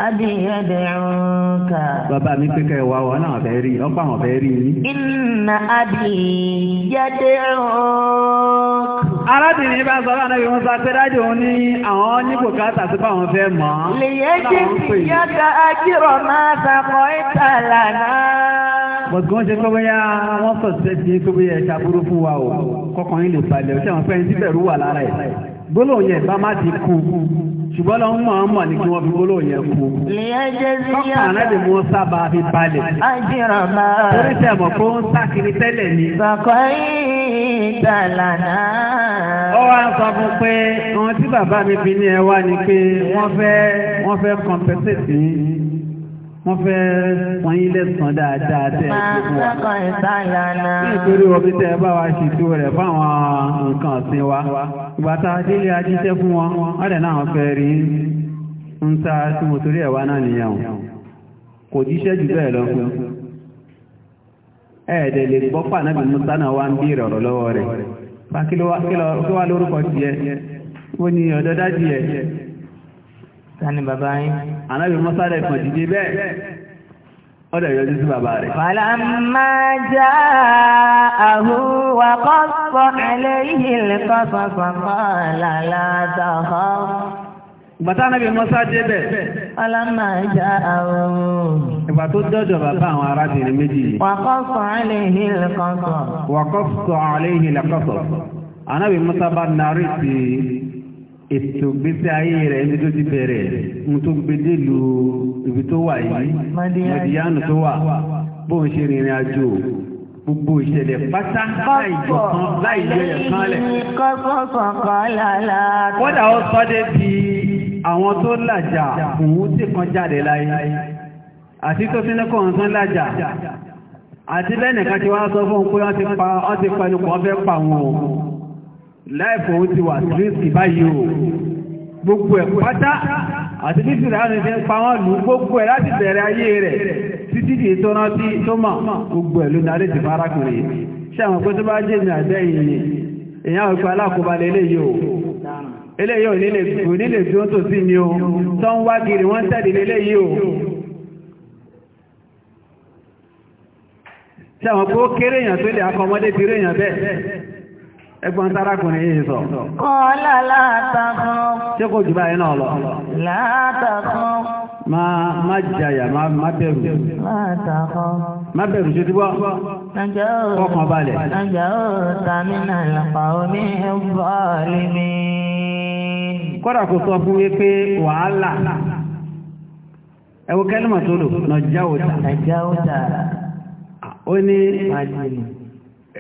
Adìyẹ dẹ̀rùn kà. Bàbá mi pẹ́kẹ́ ẹ wá wọ náà fẹ́ rí ọ̀pọ̀ àwọn fẹ́ rí yín. Inna adìyẹ dẹ̀rùn kà. Arábìnrin bá sọ fún Anábì Musa pé dájú òun ní àwọn nípò káàtà sí fáwọn fẹ́ mọ́. Lèyẹ jẹ́ kí yàtọ̀ àjírọ̀ máa sàkọ́ ìtàlà náà bọ̀dùn ṣe pé bóyá wọ́n sọ ṣe ti pé bóyá ẹ̀ṣà burú fún wa o kọkànlélè balẹ̀ ọ̀ṣẹ́ wọn fẹ́ ń síbẹ̀rù wà ṣùgbọ́n lọ mọ̀ ọmọ ní kí wọ́n fi gbóló yẹn kú. kọ́kà anáde mú sábà fi balẹ̀. ajira máa. torí ń sákiri tẹ́lẹ̀ ni. ó wá ń sọ fún pé wọn tí bàbá mi fi ní ẹ wá ni pé wọ́n fẹ́ wọ́n fẹ́ compensate yín. wọ́n fẹ́ wọ́n yí lẹ́sàn dáadáa tẹ́ ẹ̀ fún wa. nítorí omi tẹ́ bá wa ṣètò rẹ̀ fáwọn nǹkan ọ̀sìn wa ìgbà tá a fún wọn náà fẹ́ rí ń tí náà wá ń bí ìrọ̀rọ̀ lọ́wọ́ rẹ̀ kí wá lórúkọ ó ní ọ̀dọ́dá Tani bàbá yín. Ànábì Mùsá rẹ̀ kàn dìde bẹ́ẹ̀. Ó dẹ̀ yọjú sí bàbá rẹ̀. Falamma ja'ahu wa qassa alayhi al-qasas qala la takhaf. Bàtà Ànábì Mùsá dé bẹ̀. Falamma ja'ahu. Ìgbà tó dọ́dọ̀ bàbá àwọn arábìnrin méjì yìí. Wa qassa alayhi al-qasas. Wa qassa alayhi Ànábì Mùsá bá narí sí ètò gbèsè ayé rẹ̀ ní tó ti bẹ̀rẹ̀ mú tó gbédé lu ibi tó wà yìí mọ̀díyánù tó wà bó ń ṣe rìnrìn àjò gbogbo ìṣẹ̀lẹ̀ pátá láìjọ̀kan láìjọyọ̀ kanlẹ̀. kódà ó sọ́dé di àwọn tó làjà òun tí kan jáde láyé àti tó sínú kọ̀ọ̀n tán làjà àti bẹ́ẹ̀ nìkan ti wá sọ fún un pé wọ́n ti pa ẹnu kan fẹ́ pa wọn o láìpọ̀ ó ti wà sírísì báyìí o gbogbo ẹ̀ pátá àti títí láti fi ń pa wọ́n lù gbogbo ẹ̀ láti bẹ̀rẹ̀ ayé rẹ̀ títí di ìtọ́nà tí tó mọ̀ gbogbo ẹ̀ ló ní alẹ́ ti fara kùn rè ṣé àwọn pé tó bá jẹ́ ìrìn àjẹ́ ìyìn èèyàn àwọn ìpè alákòóbalẹ̀ eléyìí o eléyìí ò nílè tí ó tòsí ni o tó ń wá kiri wọ́n tẹ̀lé eléyìí o ṣé àwọn pé ó kéré èèyàn tó lè akọmọdé ti rí èèyàn bẹ́ẹ̀ Ẹgbọ́n sárakùnrin yìí sọ. Kọ́lá látàkùn. Ṣé kò jù báyìí náà lọ? Látàkùn. Má jàyà, má bẹ̀rù. Látàkùn. Má bẹ̀rù ṣe tí wọ́. Nàjà ó. Kọ́kàn balẹ̀. Nàjà ó tàmínà lọ́pàá omi bọ́ọ̀lì mi. Kọ́dà kò sọ fún mi pé wàhálà. Ẹ̀wọ̀ kẹ́lìmọ̀ tó lò, nàjà ó Nàjà ó Ó ní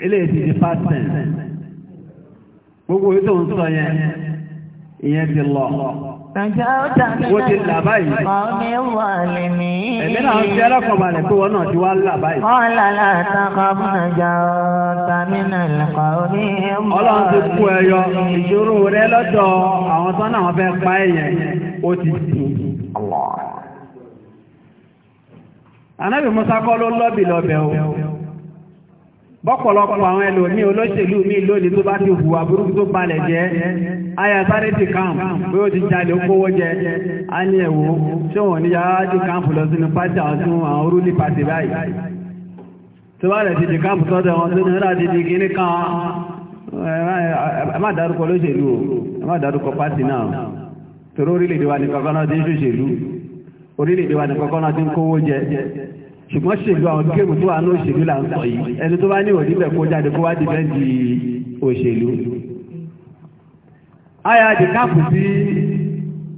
ilé ìdíje past gbogbo ètò ń sọ yẹn ìyẹn ti lọ wọ́n ti là báyìí ẹ̀mí náà ń fi alákọ̀ọ́balẹ̀ pé wọ́n náà ti wá là báyìí. ọlọ́run ti kú ẹyọ ìṣòro rẹ lọ́dọ̀ àwọn tán náà fẹ́ pa ẹ̀yẹn ó ti sùn. anábì musa kọ́ ló lọ́bì o. bọ́pọ̀lọpọ̀ àwọn ní olóṣèlú mi lónìí tó bá ti hùwà burúkú tó balẹ̀ jẹ́ ayàtáré ti kàmù pé ó ti jalè kówó jẹ́ a ní ẹ̀wò tí wọ́n ní yáá ti lọ sínú pàtí àwọn àwọn orúlé pàtí báyìí tó bá ti di kàmù sọ́dọ̀ wọn tó ní ti kíní kan dárúkọ dárúkọ náà torí orílẹ̀-èdè wa ní kọ́kọ́ náà ti ń ṣòṣèlú orílẹ̀-èdè wa ní kọ́kọ́ náà ti ṣùgbọ́n ṣèlú àwọn géèmù tó wà ní òṣèlú là ń sọ yìí ẹni tó bá ní òní bẹ̀ kó jáde kó wá dìbẹ́ǹdì òṣèlú. àyà àdìkáàpù sí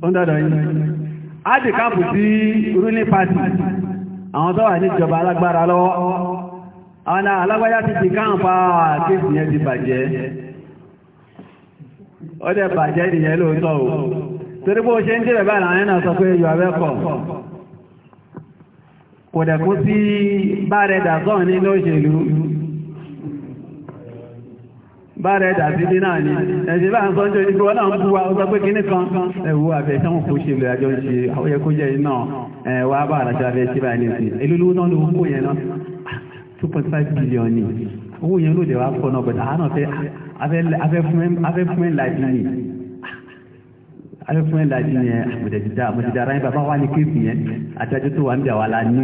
ọ̀ndọ̀dọ̀ yìí àdìkáàpù sí ruling party àwọn tó wà níjọba alágbára lọ́wọ́ àwọn alágbáyà ti di káàpá kéèsì yẹn ti bàjẹ́ ó dẹ̀ bàjẹ́ ìyẹn lóòótọ́ o torí bó ṣe ń débẹ̀ báyìí àwọn ẹ̀ náà sọ pé yọ̀ kò dẹ̀kú sí báre dàzọ́ ní lóṣèlú báre dàbí ní náà ni ẹ̀sìn bá ń sọ jọ nígbà náà ń bú wa ọgbà pé kan ẹ̀wú àbẹ̀ṣẹ́wọ̀n kò ṣe lè àjọ ṣe àwọyẹ iná ẹ̀wà billion ni owó yẹn ló dẹ̀ wá pọ̀ náà bẹ̀rẹ̀ àánà fẹ́ afẹ́ fún ẹ̀ láìpẹ́ ayé fún ẹ̀ lajì yẹn àmọ̀dẹ̀dìdá àmọ̀dẹ̀dìdá ráyìn bàbá wa ní kéèkì yẹn àtẹ́jú tó wà ń bẹ̀ wà la ní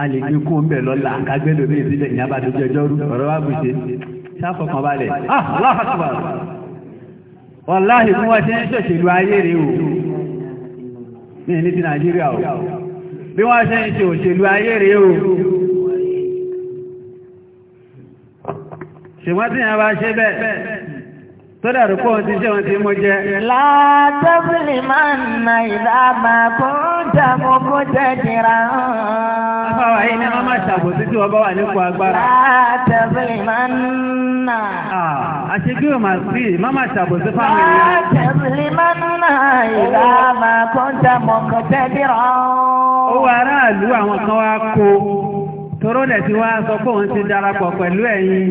a lè gbé kó ń bẹ̀ lọ́la kágbẹ́ lómi ìdílé ìyá bá dojú ẹjọ́ rú ọ̀rọ̀ wa bùṣe sáfọkàn balẹ̀ ah aláhàtúbà wàláhì fún wa ṣe ń ṣòṣèlú ayé rèé o ní ní ti nàìjíríà o bí wọ́n ṣe ń ṣe òṣèlú ayé rèé o ṣùgbọ́n tí yẹn bá ṣe bẹ́ẹ̀ Tọ́dà rúkọ́ ti ṣe wọn ti mú jẹ. Látọ́bìlì máa ń na ìlà kó dàmú kó jẹ́ jìra. Afáwa yìí ni wọ́n máa ṣàbòsí tí wọ́n bá wà nípò agbára. Látọ́bìlì máa ń nà. Àṣegbé ò máa sí, má máa ṣàbòsí fáwọn èèyàn. Látọ́bìlì máa ń na ìlà kó dàmú kó jẹ́ jìra. Owó aráàlú àwọn kan wá kó tọ́rọ́ dẹ̀ ti wá sọ pé òun ti darapọ̀ pẹ̀lú ẹ̀yin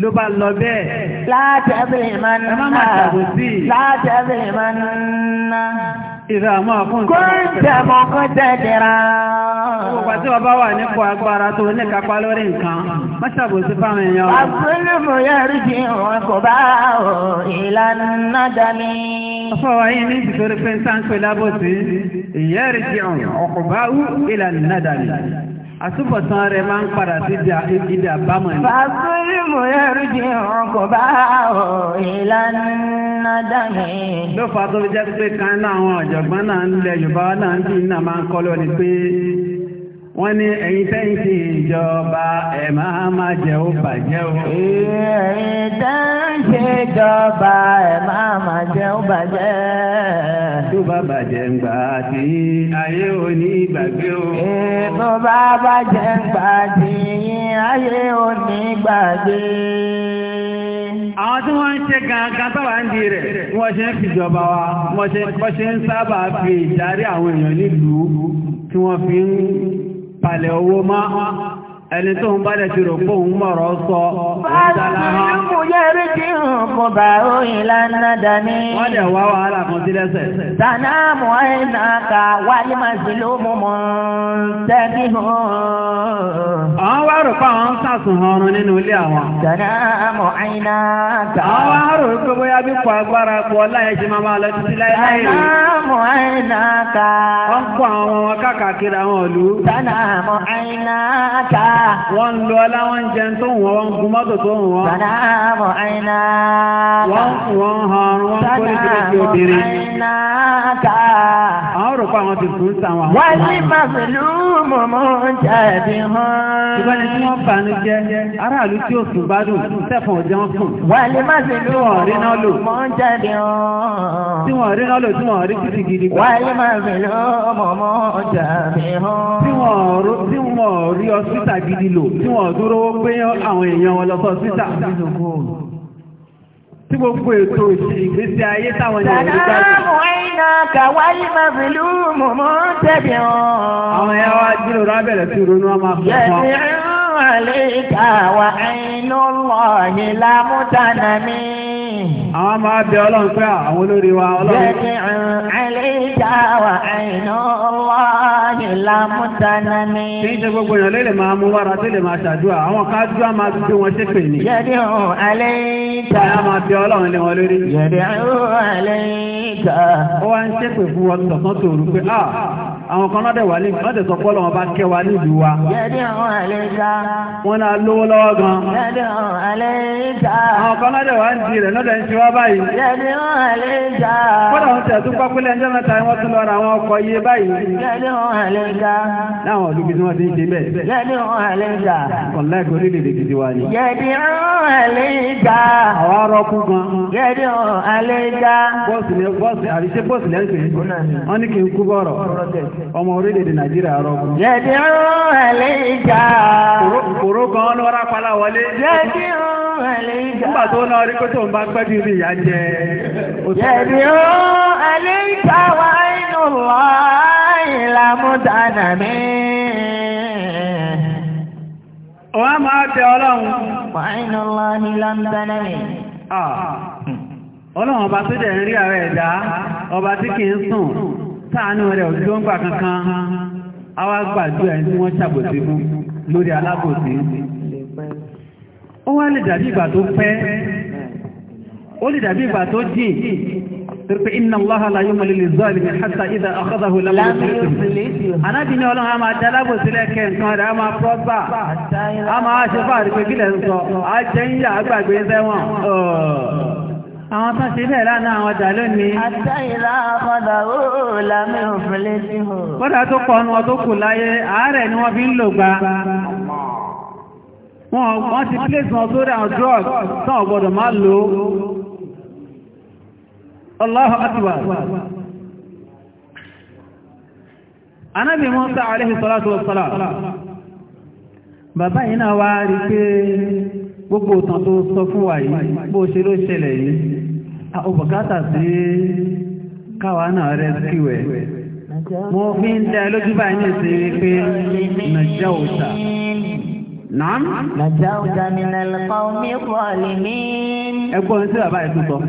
ló bá lọ bẹ́ẹ̀. látẹ̀bí ìmánná ẹ má má ṣàbò sí i. látẹ̀bí ìmánná. ìrọ̀ àmọ́ fún ìṣòro. kóńtà mọ́ kóńtà dẹ̀ra. gbogbo àti bàbá wà nípò agbára tó ní kápá lórí nǹkan má ṣàbò sí fáwọn èèyàn. àbúrò yẹrù jí wọn kò bá o ìlànà dání. ọfọwọ́ yìí ní ìtòrí pé lábòsí ìyẹ́rì jí ọ̀kọ̀ àtúbọ̀tán rẹ̀ máa ń padà sí ìdí àbámọ̀ ní. fàásùlùmù ẹrù jẹ́ ọkọ̀ bá ọ̀ ìlànà dání. ló fà tó fi jẹ́ pé kan náà àwọn ọ̀jọ̀gbọ́n náà ń lẹ Yorùbá náà ń bí náà máa ń kọ́ lónìí pé wọ́n ní ẹ̀yin tẹ́yìn ìjọba ẹ̀ máa má jẹ́ ó bàjẹ́ o. Èyí tẹ́yìn sí ìjọba ẹ̀ máa má jẹ́ ó bàjẹ́. tó bá bàjẹ́ ńgbà tí ayé ò ní gbàgbé o. tó bá bàjẹ́ ńgbà tí ayé ò ní gbàgbé. àwọn tí wọ́n ń ṣe gangan tó wà ń di rẹ̀ wọ́n ṣe ń fìjọba wa wọ́n ṣe ń sábà fi ìdarí àwọn èèyàn nílùú tí wọ́n fi ń palẹ̀ owó mọ́ ẹni tó ń bá dẹ̀ ti rò pé òun mọ̀rọ̀ sọ ìdáláhá. Fáàlùmùyẹ́rì ti hàn kò bá òyìn lánàá dání. Wọ́n dẹ̀ wá wàhálà kan sí lẹ́sẹ̀. Sànáàmù àìnà ká wáyé máa sì ló mú mọ́ sẹ́bí hàn. Àwọn wá rò pé àwọn ń sàsùn ọrùn nínú Wọ́n lọ ọlá wọ́n jẹun tó wọ́n wọ́n gun mọ́tò tó wọ́n. Sàdá àbọ̀ àìná. Wọ́n wọ́n hàn wọ́n kó ní kí lóṣù obìnrin. Sàdá àìná ká. Àwọn rò pa àwọn ti sùn sàwọn. Wọ́n ní Màfẹ́lú mọ̀mọ́ jẹ̀bi hàn. Ìgbà ni tí wọ́n bànú jẹ́, aráàlú tí ó sùn bá dùn, tẹ̀fọ̀n ò jẹun fún. Wọ́n ní Màfẹ́lú mọ̀mọ́ jẹ̀bi hàn. Tí wọ́n rí náà lò tí wọ́n rí títí gidi gbà. Wọ́n ní Màfẹ́lú mọ̀mọ́ jẹ̀bi hàn. Tí wọ́n rí ọ gidi lò tí wọ́n dúró pé àwọn èèyàn wọn lọ́sọ̀ títà tí gbogbo ètò ìgbésí ayé táwọn èèyàn ló gbájú. sàlámù àìnà kàwáyé màbìlú mọ̀mọ́ tẹ̀bí hàn. àwọn wa jíròrò wa ọlọ́run wà àìnà wà nílá ni. Kí n gbogbo èèyàn lè lè máa mú wára tó lè máa ṣàdúrà, àwọn ká dúrà máa gbé wọn ṣe pè ní. Yẹ̀dí òun alẹ́ ìta. Ṣé a máa fi ọlọ́run lé wọn lórí? Yẹ̀dí òun alẹ́ ìta. Ó wá ń ṣépè fún wọn tọ̀sán tòru pé, ah, àwọn kan lọ́dẹ̀ wà ní lọ́dẹ̀ sọ pọ́lọ̀ wọn bá kẹ́ wa nílùú wa. Yẹ̀dí òun alẹ́ ìta. Wọ́n náà lówó lọ́wọ́ gan. Yẹ̀dí òun alẹ́ ìta. Àwọn kan lọ́dẹ̀ wà ń di rẹ̀ lọ́dẹ̀ ń ṣe wá báyìí. Yẹ̀dí tún lọ ra àwọn ọkọ̀ iye báyìí. Lẹ́lẹ́ wọn àlẹ́gà. Láwọn olùgbé tí wọ́n ti ń ṣe bẹ́ẹ̀. Lẹ́lẹ́ wọn àlẹ́gà. Ọ̀lá ìgbò orílẹ̀-èdè gidi wa ni. Yẹ̀dí wọn àlẹ́gà. Àwa rọ́kú gan. Yẹ̀dí wọn àlẹ́gà. Bọ́ọ̀sì ni bọ́ọ̀sì àríṣẹ́ bọ́ọ̀sì lẹ́sìn. Wọ́n ní kí n kú bọ̀rọ̀. Ọmọ orílẹ̀-èdè Nàìjíríà rọ́kú. Yẹ̀dí wọn àlẹ́gà. Kòró kan lọ́ra pálá wọlé. Yẹ̀dí wọn Nígbà tó náà rí kó tó ń bá pẹ́ bí rí ìyá jẹ. Yẹ̀dí ó, àlè ìjà wa عين الله لمتنمي wọ́n máa tẹ ọlọ́run. وعين الله لمتنمي. ọlọ́run ọba tó dẹ̀ ń rí ẹ̀dá ọba tí kì í sùn táàánú rẹ̀ òdúgbòǹgbà kankan àwa gbàdúrà ẹni tí wọ́n ṣàbòsí fún lórí alábòsí ó wá lè dàbí ìgbà tó pẹ́ ó lè dàbí ìgbà tó jìn pé iná lọ́ha la yóò mọ̀lẹ́ lè zọ́ọ̀lì mi hàtà ìdá ọ̀kọ́dọ̀hù lọ́wọ́ anábì ní ọlọ́run a máa dálábò sílẹ̀ kẹ́ nǹkan rẹ̀ a máa pọ́ bá a máa ṣe fà rí pé kílẹ̀ ń sọ a jẹ́ ń yà àgbàgbé sẹ́wọ̀n àwọn tó ṣe bẹ́ẹ̀ lánàá àwọn ọjà lónìí àtà ìlà àkọ́dà oó lámẹ́ òfìlẹ́ sí hù kódà tó pọ̀ ọ̀nà tó kù láyé àárẹ̀ ni wọ́n fi ń lò gba wọ́n ti pílẹ̀sì wọn àwọn drug tán ọ̀gbọ́dọ̀ máa lò Allahu akbar Anabi Mùsá alayhi salatu wassalam bàbá yìí náà gbogbo ìtàn tó sọ fún wa yìí bó ṣe ló ṣẹlẹ̀ yìí àbùkátà sí káwa náà rẹ̀ kíwẹ̀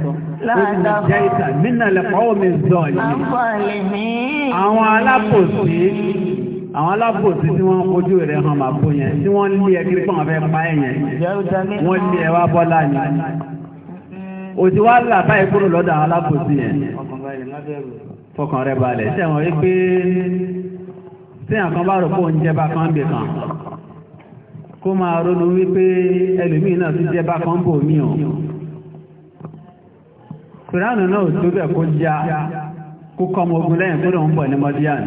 mo jẹ́ta nínà lẹ́pọ̀ omi zọ́ọ̀lì àwọn alábòsí àwọn alábòsí tí wọ́n kojú rẹ̀ hàn máa bó yẹn tí wọ́n lé ẹ kiri pọ̀n fẹ́ pa ẹ̀yẹn wọ́n lé ẹ wá bọ́lá ni o ti wá làbá ìkúrò lọ́dọ̀ àwọn alábòsí yẹn fọkàn rẹ̀ balẹ̀ sẹ́wọ̀n wípé tí àkan bá rò pé òun jẹba kan bè kan kó máa ronú wípé ẹlòmíì náà tún jẹba kan bò mí o kùránù náà ò tó bẹ̀ kó já kó kọmọ ogun lẹ́yìn kó lóun bọ̀ ní mọ́díyàn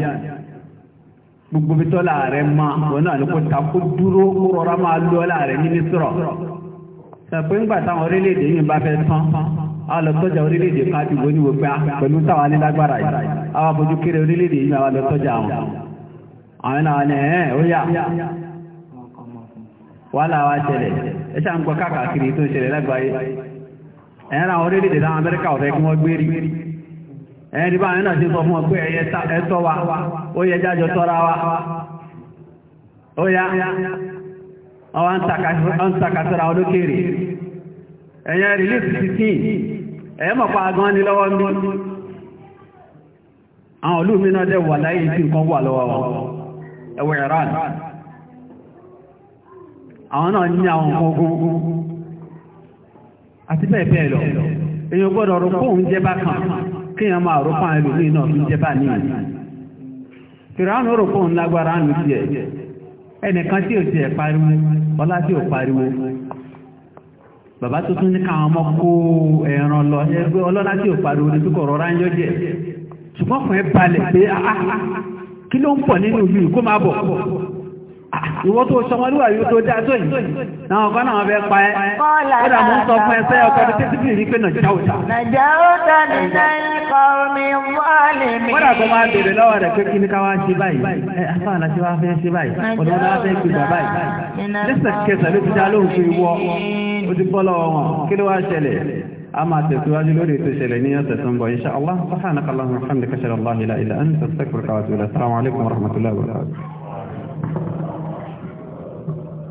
gbogbo bí tọ́lá rẹ̀ ma wọn náà ló kó ta kó dúró kó rọra máa lọ láàrẹ̀ ní mísírọ̀ ṣàpé ńgbà táwọn orílẹ̀-èdè yìí bá fẹ́ tán alọ́tọ́jà orílẹ̀-èdè kan ti wọ́n ah, ní wọ́pẹ́ pẹ̀lú táwọn anílágbára yìí àwọn abojú kéré orílẹ̀-èdè yìí àwọn alọ́tọ́jà wọn àwọn náà ní ẹ̀ ó yà wàhálà wa ṣẹlẹ̀ ẹ ṣàǹkọ́ káàkiri tó ṣẹlẹ̀ lágbàáyé ẹ̀rà àwọn orílẹ̀-èdè láwọn Amẹ́ríkà ọ̀rẹ́ kí wọ́n gbé rí ẹni bá àwọn náà ti sọ fún ọ pé ẹ̀yẹ wa ó yẹ jájọ tọ́ra wa ó yá ń olókèrè 16 ẹ̀yẹ mọ̀pá agan ní lọ́wọ́ ń bí àwọn olú mi náà dẹ̀ wà láyé tí nǹkan wà lọ́wọ́ wọn àwọn náà ní àwọn ogun àti bẹ́ẹ̀ bẹ́ẹ̀ lọ èyàn gbọ́dọ̀ rò pé jẹ́ bá kan kéèyàn máa rò pé àwọn ẹlòmíì náà jẹ́ bá níyàn fìràánù lágbára pariwo ọlá tí ò pariwo bàbá tó ní káwọn ọmọ kó ẹran lọ ẹgbẹ́ ọlọ́lá tí ò pariwo ní tukọ̀ rọra ń yọjẹ ṣùgbọ́n fún ẹ balẹ̀ pé ah, ah, ah, kí ló ń pọ̀ nínú yìí ìwọ́n tó ṣọmọlúwà yóò tó dá tó yìí náà ọ̀gá náà fẹ́ pa ẹ́ kódà mú sọ fún ẹsẹ́ ọkọ̀ tó tẹ́sí bìrì pé nàìjíríà ni ká wá ṣe báyìí ẹ afáà láti wá fẹ́ ṣe báyìí ọ̀dọ́ wọn fẹ́ gbé bàbá yìí. lẹ́sẹ̀kẹsẹ̀ ló ti dá lóhùn pé wọ ó ti bọ́ lọ́wọ́ wọn kí ló wá ṣẹlẹ̀ أما تسواجي لوري تسليني تسنبو إن شاء الله سبحانك اللهم وبحمدك أشهد